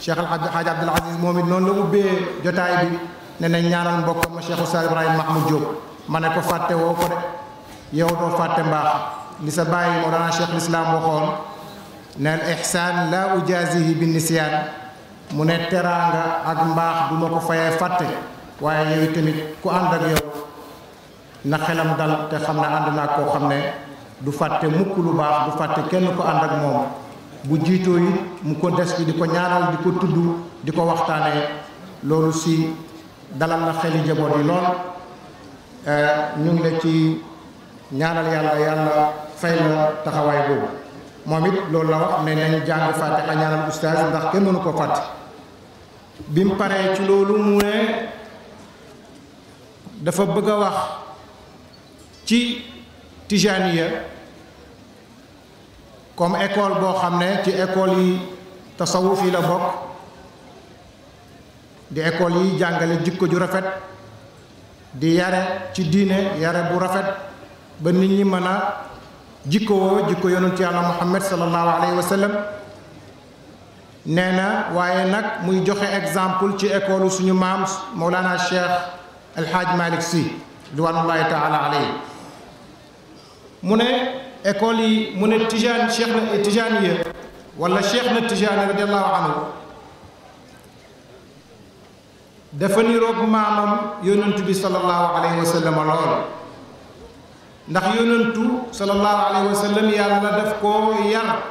Cheikh Alhaji Hadj Abdoul moom it noonu la ubbee jotaay bi ne nañ ñaanal mbokkam ma Cheikh Oustaz Ibrahima ma ne ko fàtte woo ko de yow doo fàtte mbaax li sa bàyyi moo daanaa Cheikh lislaam waxoon ne al ihsaan la ujazihi bi nisyaan mu ne teraanga ak mbaax du ma ko fayee fàtte waaye yooyu tamit ku ànd ak yow na xelam dal te xam ne ànd naa koo xam ne du fàtte mukk lu baax du fàtte kenn ko ànd ak moom bu jiitoo yi mu ko des bi di ko ñaanal di ko tudd di ko waxtaanee loolu si dalal na xelu jaboot yi lool eh, ñu ngi la ci ñaanal yàlla yàlla fay la taxawaay boobu moom it loolu la wax ne nañ jàng fàtte a ñaanal oustaz ndax kenn mënu ko fàtte bi mu paree ci loolu mu ne dafa bëgg a wax ci tijaaniya comme école boo xam ne ci école yi tasawuf yi la bokk di école yi jàngale jikko ju rafet di yare ci diine yare bu rafet ba nit ñi mën a jikkowoo jikko yonent yàlla muhammad sallallahu alayhi wa sallam nee na waaye nag muy joxe exemple ci école suñu maam Mawlana Cheikh El Hadj Malick Sy diwaanullahi taala mu ne école yi mu ne tijaan cheikh na tijaaniya wala cheikh na tijaani radiallahu anhu dafa niroog maamam yonantu bi sallallahu alayhi wa sallam lool ndax yonantu sallallahu alayhi wa sallam yàlla daf koo yar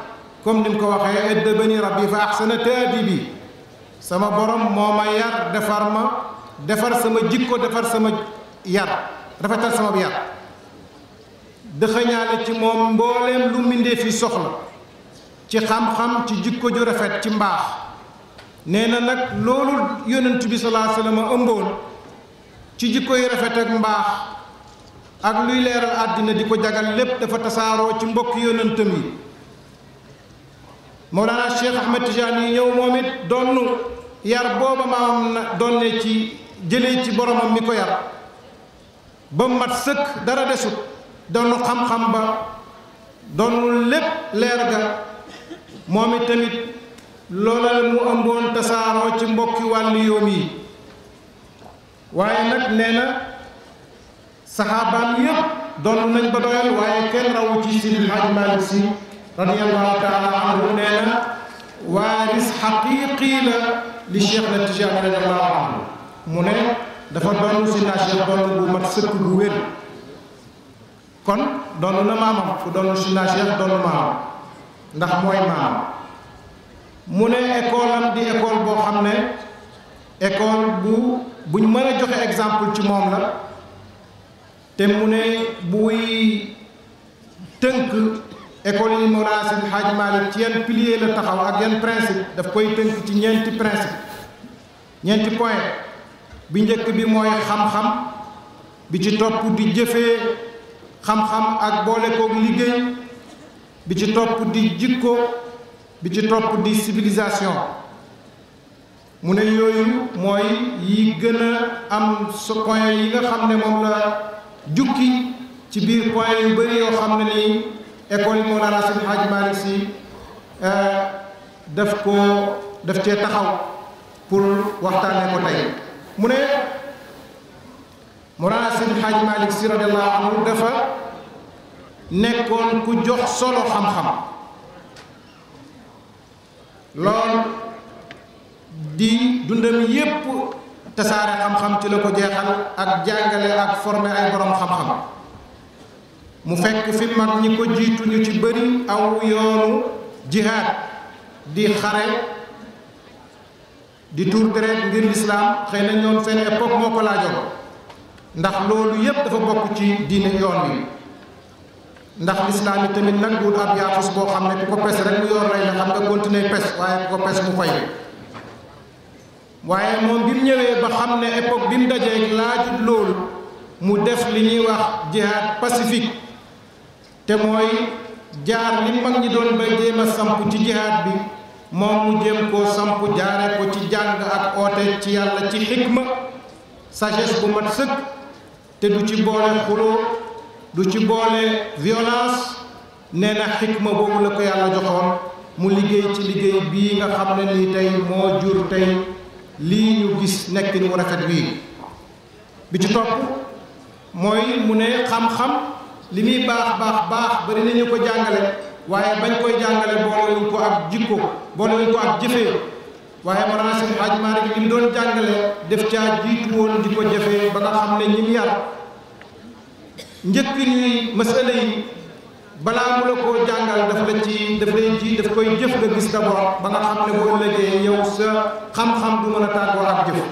comme ni mu ko waxee addabani rabbi fa ahsana bi sama borom moo ma yar defar ma defar sama jikko defar sama yar rafetal sama yar dëxëñaale ci moom mbooleem lu mbindéef fi soxla ci xam-xam ci jikko ju rafet ci mbaax nee na nag loolu yonent bi salaa a ëmboon ci jikko yu rafet ak mbaax ak luy leeral àddina di ko jagal lépp dafa tasaaroo ci mbokk yonentam yi Mawlana Cheikh Ahmed Tidiane yi ñëw moom it donnu yar booba maamam donne ci jëlee ci boromam mi ko yar ba mat sëkk dara desut doonu xam-xam ba doonu lépp leer ga moom it tamit loola mu ëmboon tasaaroo ci mbokki wàllu yoom yi waaye nag nee na saxaabaan yépp doon nañ ba doyal waaye kenn rawu ci Seydi Hajji Maalik Si radiyallahu taala anhu nee na waaris xaqiiqi la li Cheikh na Tijaan radiyallahu anhu mu ne dafa doon si naa Cheikh bu mat sëkk bu wér kon doon na maamam fu doon na cheikh doon maamam ndax mooy maamam mu ne école di école boo xam ne école bu ñu mën a joxe exemple ci moom la te mu ne buy tënk école yi morasin Hadj Malick ci yan pilier la taxaw ak yan principe daf koy tënk ci ñeenti principe ñeenti point bi njëkk bi mooy xam-xam bi ci topp di jëfee xam-xam ak boole kook liggéey bi ci topp di jikko bi ci topp di civilisation mu ne yooyu mooy yi gën a am point yi nga xam ne moom la jukki ci biir point yu bëri yoo xam ne nii école yi Mawlana Seydi Hadji Malick Sy euh, daf ko daf cee taxaw pour waxtaanee ko tey mu ne moo tax sëñ Xaaj Malick de radiyallahu anhu dafa nekkoon ku jox solo xam-xam lool di dundam yépp tasaare xam-xam ci la ko jeexal ak jàngale ak former ay borom xam-xam mu fekk fi mag ñi ko jiitu ñu ci bëri aw yoonu jihaad di xare di tuur deret ngir lislaam xëy na ñoom seen époque moo ko laajoon ndax loolu yépp dafa bokk ci diine yoon wi ndax lislaam yi tamit nag duul ab yaafus boo xam ne ku ko pes rek mu yor lay la xam nga continuer pes waaye ku ko pes mu fay waaye moom bi ñëwee ba xam ne époque bi mu dajee laajut loolu mu def li ñuy wax jihaad pacifique te mooy jaar li mag ñi doon bay jéem a samp ci jihaad bi moom mu jéem koo samp jaare ko ci jàng ak oote ci yàlla ci xikma sagesse bu mat sëkk te du ci boole xuloo du ci boole violence nee na xikma boobu la ko yàlla joxoon mu liggéey ci liggéey bii nga xam ne nii tey moo jur tey lii ñu gis nekkin wu rafet bii bi ci topp mooy mu ne xam-xam li muy baax baax baax bari nañu ko jàngale waaye bañ koy jàngale boole ñu ko ak jikko boole ñu ko ak jëfee waaye Mawlana Seydi Hadji Malick li mu doon jàngale def caa jiitu ko jëfee ba nga xam ne ñi mu yar njëkk ñuy masala yi balaa ci daf lay ji daf koy nga gis d'abord ba nga xam ne bu ëllëgee yow mën a tàggoo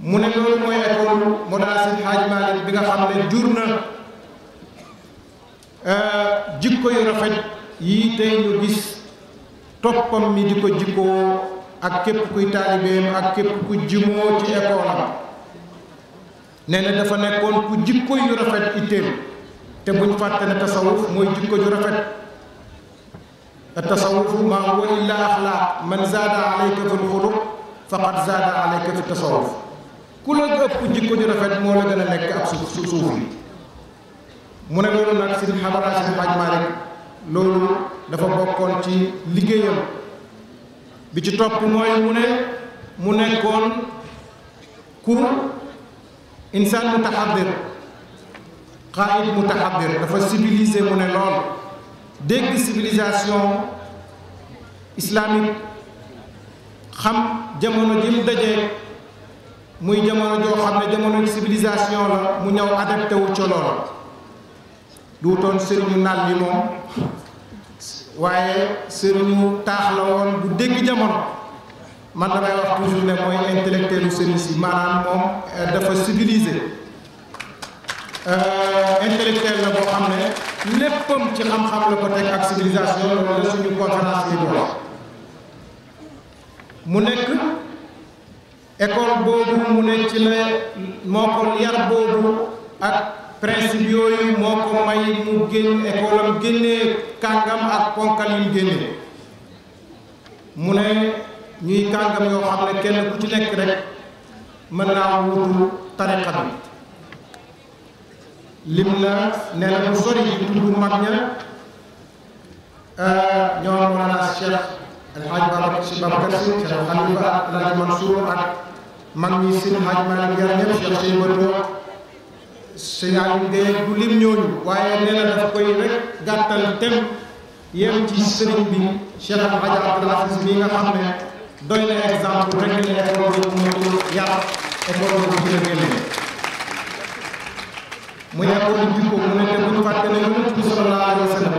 mu ne loolu mooy école Mawlana Seydi Hadji jur na euh, jikko yu rafet yi tey ñu gis toppam mi di ko jikkoo ak képp kuy taalibeem ak képp ku jimoo ci école nee na dafa nekkoon ku jikko yu rafet itteem te buñ fàtte ne tasawuf mooy jikko ju rafet tasawufu ma huwa illa axlaaq man zaada alayka fi lxuluq faqad zaada alayka fi tasawuf ku la ëpp jikko ju rafet moo la gën a nekk ak suuf suuf yi mu ne loolu nag si xabaraasi xaaj Maalik loolu dafa bokkoon ci liggéeyam bi ci topp mooy mu ne mu nekkoon ku insaan mutaxaddir xaayit mutaxaddir dafa civilisé mu ne lool dégg civilisation islamique xam jamono ji mu muy jamono joo xam ne jamono civilisation la mu ñëw adapté wu ca lool duutoon sëriñu nal li moom waaye sëriñu taax la woon bu dégg jamono man damay wax toujours ne mooy intellectuel u sëriñ si maanaam moom euh, dafa civilisé euh, intellectuel la boo xam ne léppam ci xam-xam la ko teg ak civilisation loolu la suñu conférence bi mu nekk école boobu mu ne ci la moo ko yar boobu ak principe yooyu moo ko may mu génn école am génnee kàngam ak ponkal yi mu génne mu ne ñuy kàngam yoo xam ne kenn ku ci nekk rek mën naa wutu tariqa bi lim na nee na sori yi tudd mag ña euh, ñoom maanaam Cheikh El Hadj ak El Hadj Mansour mag ñi Seydi Hadj Malick Ndiaye ñëpp sëñ Aliou Gueye du lim ñooñu waaye nee dafa koy rek gàttal tem yem ci sëriñ bi Cheikh Alhaji Abdoul Aziz ne doy na exemple rek ne école boobu moo yar école boobu ci la génne mu école jikko mu ne ne buñ fàtte ne yonent bi sallallahu alayhi wa sallam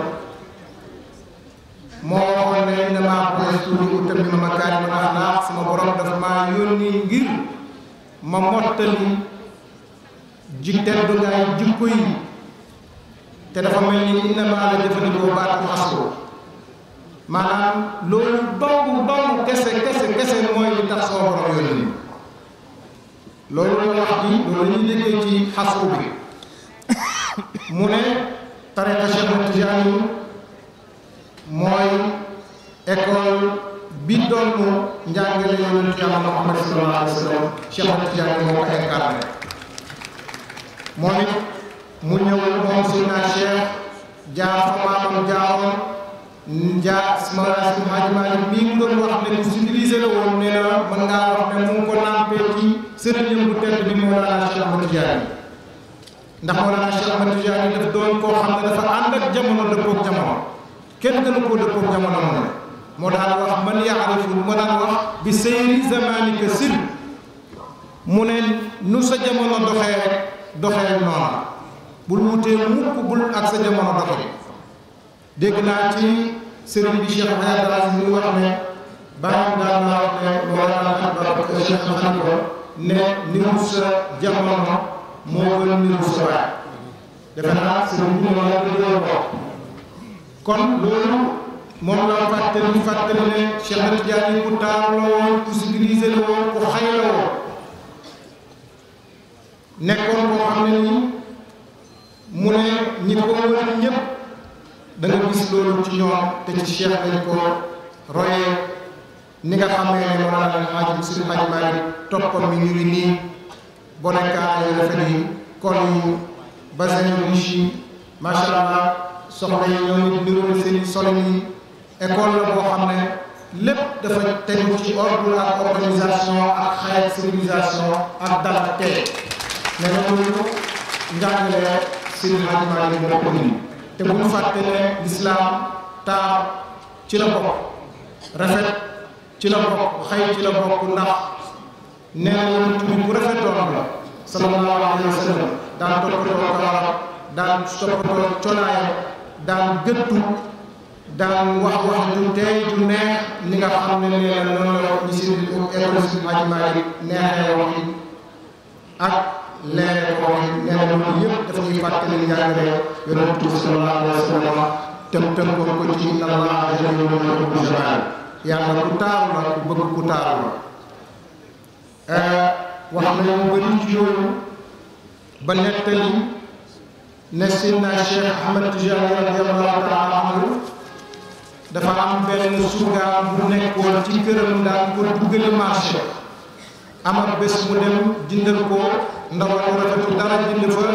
moo waxoon ne innamaa bu'istu li utammima makaarimal axlaaq sama borom dafa maa yónni ngir ma mottali ji tedd ngaay jikko yi te dafa mel ni inna maa la jëfandikoo baatu xasko maanaam loolu bangu bangu kese kese kese mooy tax soo borom yoon ni loolu la ji loolu la ñuy ci xasko bi mu ne tariqa Cheikh mooy école bi doon njàngale yonent Yàlla Muhammad sallallahu alayhi wa sallam Cheikh Tijaani moo ko incarné moom it mu ñëw moom Seydina Cheikh jaar fa maamam jaaroon jaar Maam Hajji Maalik mi ngi doon wax ne civilisé la woon nee na mën ngaa wax ne mu ngi ko nampee ci sëriñam bu tedd bi Mawlana Cheikh Ahmad Tidiane ndax Mawlana Cheikh Ahmad Tidiane daf doon koo xam ne dafa ànd ak jamono dëppoog jamono kenn gënu koo dëppoog jamono moom moo daan wax man yaarifu moo daan wax bi seyri zamanika sir mu ne nu sa jamono doxee rek doxee noona bul mu mukk bul ak sa jamono doxal dégg naa ci sëriñ bi Cheikh Mahamadou Aziz muy wax ne bàyyi daan naa wax ne Mawlana Abubakar Cheikh Mahamadou ko kon loolu moom la fàttali fàttali ne Cheikh Tidiane ku taar la woon ku la woon ku xay la woon nekkoon koo xam ne nii mu ne ñi ko wër ñëpp da nga gis loolu ci ñoom te ci Cheikh lañ royee ni nga xam ne ne maanaam El Hadj Sidi Hadj Malick toppam mi ñu ngi nii bonekaane yu rafet yi yi basin yu riche yi macha yi ñoo ngi niróo seen solin yi école la boo xam ne. lépp dafa tegu ci ordre ak organisation ak xayat civilisation ak dal ak tey nee na loolu njàngale Seydi Hadji Malick moo ko indi te bu fàtte ne lislaam taar ci la bokk rafet ci la bokk xëy ci la bokk ndax nee na loolu tubi bu rafetoon la sallallahu alayhi wa sallam daan toppatoo kawar daan toppatoo conaaya daan gëttu daan wax wax ju tey ju li nga xam ne nee na noonu la ñu si école Hadji Malick neexee wax yi ak leere ko leere ko yëpp dafa ñuy fàttali njàngale yonent bi sallallahu alayhi wa sallam te mu tënkoon ko ci inna allaha jamilun yàlla ku taaru la ku bëgg ku taaru la euh, wax na mu bëri ci yooyu ba nettali ne Seydina Cheikh Ahmed Tijani radiyallahu taala anhu dafa am benn surgaam bu nekkoon ci këram daan ko duggale marché amal bés mu dem jëndal ko ndawal ko rafetul dara jënd fa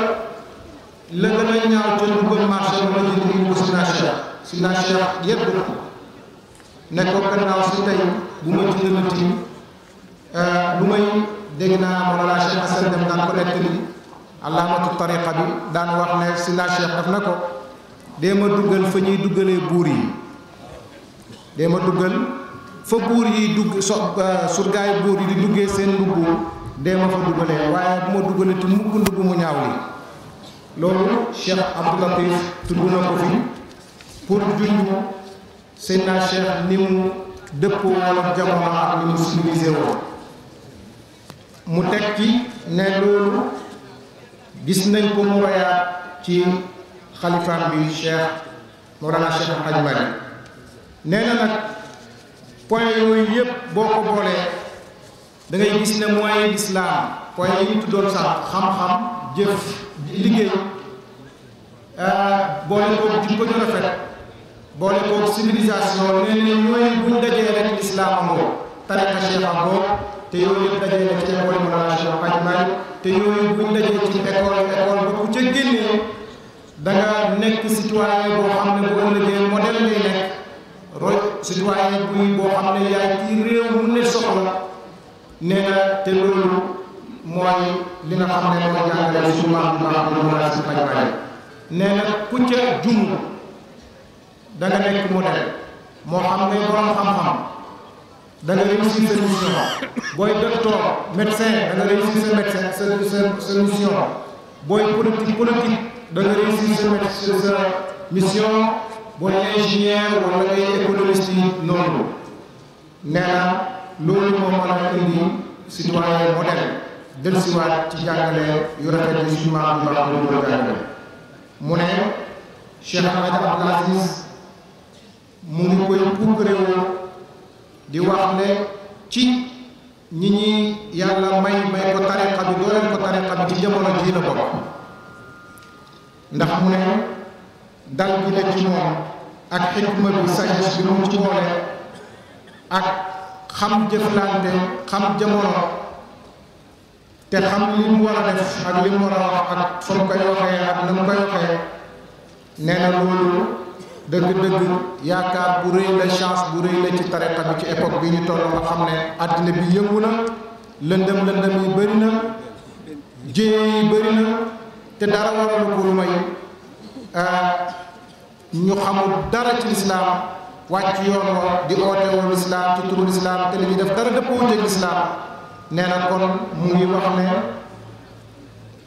la gën a ñaaw te lu gën marché wala jënd ko si naachère si naachère yëpp ko ne ko gannaaw si tey bu ma jëndalati euh, lu may dégg naa moom laa Cheikh Assane dem daan ko nekk nii alaamatu tariqa bi daan wax ne si naachère def na ko dee ma duggal fa ñuy duggalee buur yi dee ma duggal. fa buur yi dugg so euh, surgaay buur yi di duggee seen ndugg dee ma fa dugalee waaye bu ma dugalee tudd na ko fi pour junj seen naa Cheikh ni mu dëppoo wala jamono ak ni mu civilisé woon mu teg ci ne loolu gis nañ ko mu royaat ci xalifaam bi Cheikh Mawlana Cheikh Hadj Mali nee nag point yooyu yëpp boo ko boolee da gis ne mooy lislaam point yi ñu tuddoon sax xam-xam jëf liggéey euh, boole koog jikko ju rafet boole koog civilisation nee ne yooyu buñ dajee rek lislaam amoo tariqa cheikh amoo te yooyu yëpp dajee rek ci école Mawlana Cheikh Hadji Malick te yooyu buñ dajee ci école école ba ku ca génnee da nekk citoyen boo xam ne bu ëllëgee modèle ngay nekk roy citoyen buy boo xam ne yaay ci réew mu ne soxla nee na te loolu mooy li nga xam ne mooy jàngale suñu maam bi baax bi mooy si faj nee na ku ca jum da nekk modèle moo xam ne borom xam-xam da nga réussir sa mission booy docteur médecin da nga sa médecin sa sa sa mission booy politique politique da nga réussir sa sa mission boo nee ingénieur wala ngay économiste yi noonu nee loolu moo mën a indi citoyen modèle dellusiwaat ci jàngale yu rafet yi suñu maam bi baax lu mu jàngale mu ne Cheikh Ahmed Abdoul mu ngi koy puukareewoo di wax ne ci ñi ñi yàlla may may ko tariqa bi doo leen ko tariqa bi ci jamono jii la bokk ndax mu ne dal gi ci moom ak xikma bi sagesse bi mu ci boole ak xam jëflante xam jamono te xam li mu war a def ak li mu war a wax ak fa mu koy waxee ak na mu koy waxee nee na loolu dëgg-dëgg yaakaar bu rëy la chance bu rëy la ci tariqa bi ci époque bi ñu toll nga xam ne àddina bi yëngu na lëndëm lëndëm yi bëri na jéye yi bëri na te dara waralu ko lu may euh, ñu xamul dara ci lislaam wàcc yoon wa di oote woo lislaam ci turu lislaam te li ñuy def dara dëppoo jëg lislaam nee na kon mu ngi wax ne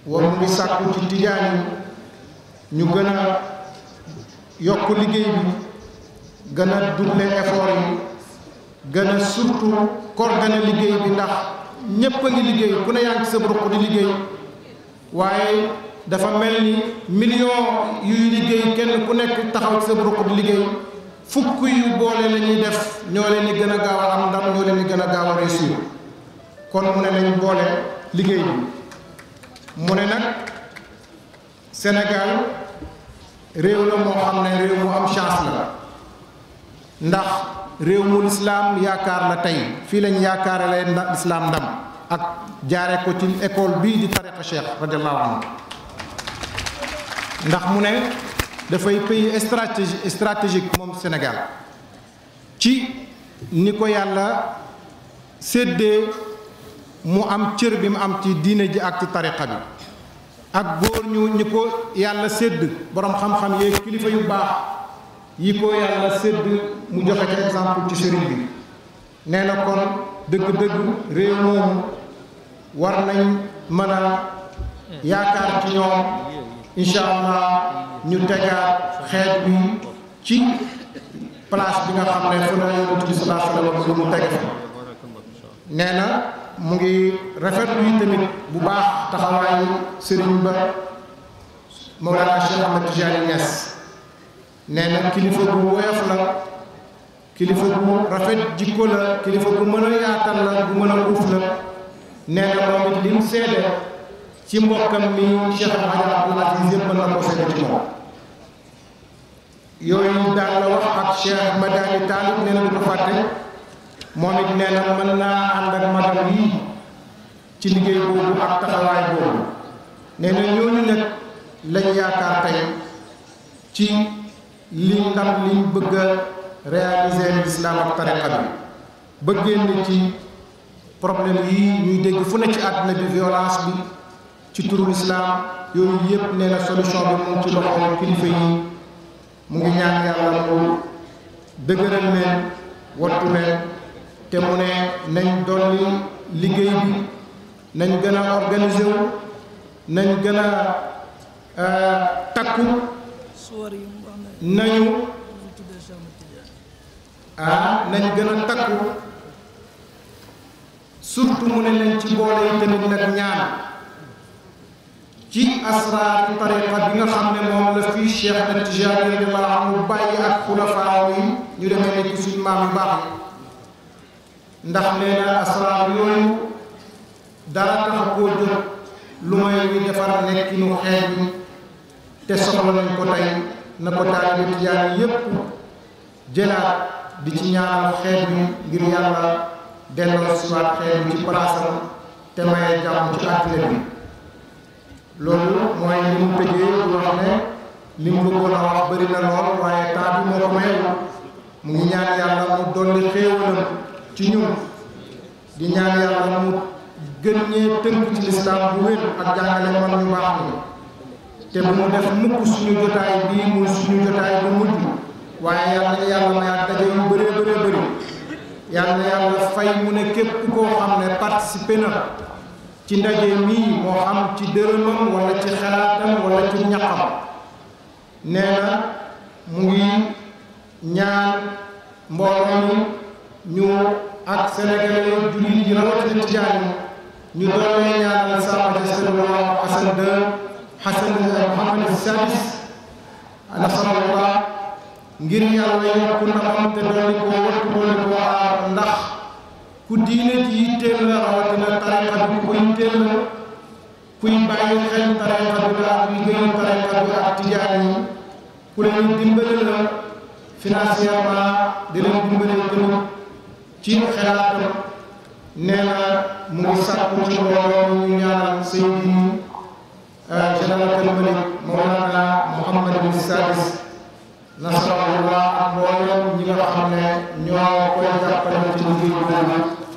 wa mu ngi sàkku ci tijaan yi ñu gën a yokk liggéey bi gën a double effort yi gën a surtout coordonné liggéey bi ndax ñépp a ngi liggéey ku ne yaa ngi sa ruq di liggéey waaye dafa mel ni million yuy liggéey kenn ku nekk taxaw ci sa ruq di liggéey fukk yu boole la ñuy def ñoo leen di gën a gaaw a am ndam ñoo leen di gën a gaaw a réussir kon mu ne lañ boole liggéey bi mu ne nag Sénégal réew la moo xam ne mu am chance ndax réew mu lislaam yaakaar la tey fii lañ yaakaare lay lislaam ndam ak jaare ko ci école bii di tariqa cheikh radiallahu anhu ndax mu ne dafay pays stratégie stratégique moom Sénégal ci ni ko yàlla séddee mu am cër bi mu am ci diine ji ak ci tariqa bi ak góor ñu ñi ko yàlla sédd boroom xam-xam yee kilifa yu baax yi ko yàlla sédd mu joxe ci exemple ci sëriñ bi nee na kon dëgg-dëgg réew moomu war nañ mën yaakaar ci ñoom incha allah ñu tegaat xeet bi ci place bi nga xam ne fu la yonent bi sallallahu alayhi wa sallam mu teg fa nee na mu ngi rafetlu yi tamit bu baax taxawaayu sëriñ ba Mawlana Cheikh Ahmed Tidiane Niass nee na kilifa bu woyof la kilifa gu rafet jikko la kilifa bu mën a yaatal la bu mën a uuf nee na moom it lim seede ci mbokkam mi Cheikh Hadj Abdoul Aziz yëpp mën na ko seede ci moom yooyu daan la wax ak Cheikh Madani Taalib nee na du ko fàtte moom it nee mën naa ànd ak magam yi ci liggéey boobu ak taxawaay boobu nee na ñooñu nag lañ yaakaar tey ci li ndam liñ bëgg a réaliser l'islam ak tariqa bi ba génn ci problème yi ñuy dégg fu ne ci àdduna bi violence bi ci turu lislaam yooyu yëpp nee na solution bi mu ngi ci loxo kilifa yi mu ngi ñaan yàlla te mu ne nañ dolli liggéey bi nañ gën a organiser wu nañ gën a euh, takku nañu ah nañ gën a takku surtout mu ne nañ ci boole yi tamit nag ñaan ci asraar tariqa bi nga xam ne moom la fii Cheikh Ahmed Tidiane radiyallahu anhu bàyyi ak xulafaa yi ñu demee nekk suñu maam yu ndax nee na asraar yooyu dara taxa koo jóg lu may bi defar nekkinu xeet bi te soxla nañ ko tey na ko taalibe Tijaan yépp jëlaat di ci ñaanal xeet bi ngir yàlla delloo siwaat xeet bi ci palaasam te maye jàmm ci àddina bi loolu mooy li mu tëjee wax ne li mu bëggoon a wax bëri na lool waaye temps bi moo ko mayee mu ngi ñaan yàlla mu dolli xéewalam ci ñun di ñaan yàlla mu gën ñee tënk ci lislaam bu wér ak jàngale man ñu baax ni te bu mu def mukk suñu jotaay bii muy suñu jotaay bu mujj waaye yàlla na yàlla mayaat daje yu bëree bëree bëri yàlla yàlla fay mu ne képp koo xam ne participé na ci ndaje mii moo xam ci dërëmam wala ci xalaatam wala ci ñaqam nee mu ngi ñaan mbooloo ñu ak Sénégalais yi jullit yi rawatina tijaan ñu doon ñaanal sama Rasulullah Hassan de Hassan Mohamed Sadis nasarallah ngir yàlla yokk ndamam te doon ko wëkk ko aar ndax ku diine ci yitteel la rawatina tariqa bi ku yitteel la kuy bàyyi xel tariqa bi la ak liggéeyu tariqa bi ak tijaan yi ku leen dimbale la financièrement di leen dimbale tamit ci xelaatam nee na mu ngi sàkku ci mbooloo ñu ñaanal sëy bi euh, général kalmalik Mawlana Mouhamad bin Sadis nasarallah ak mboolem ñi nga xam ne ñoo koy jàppale ci liggéey bi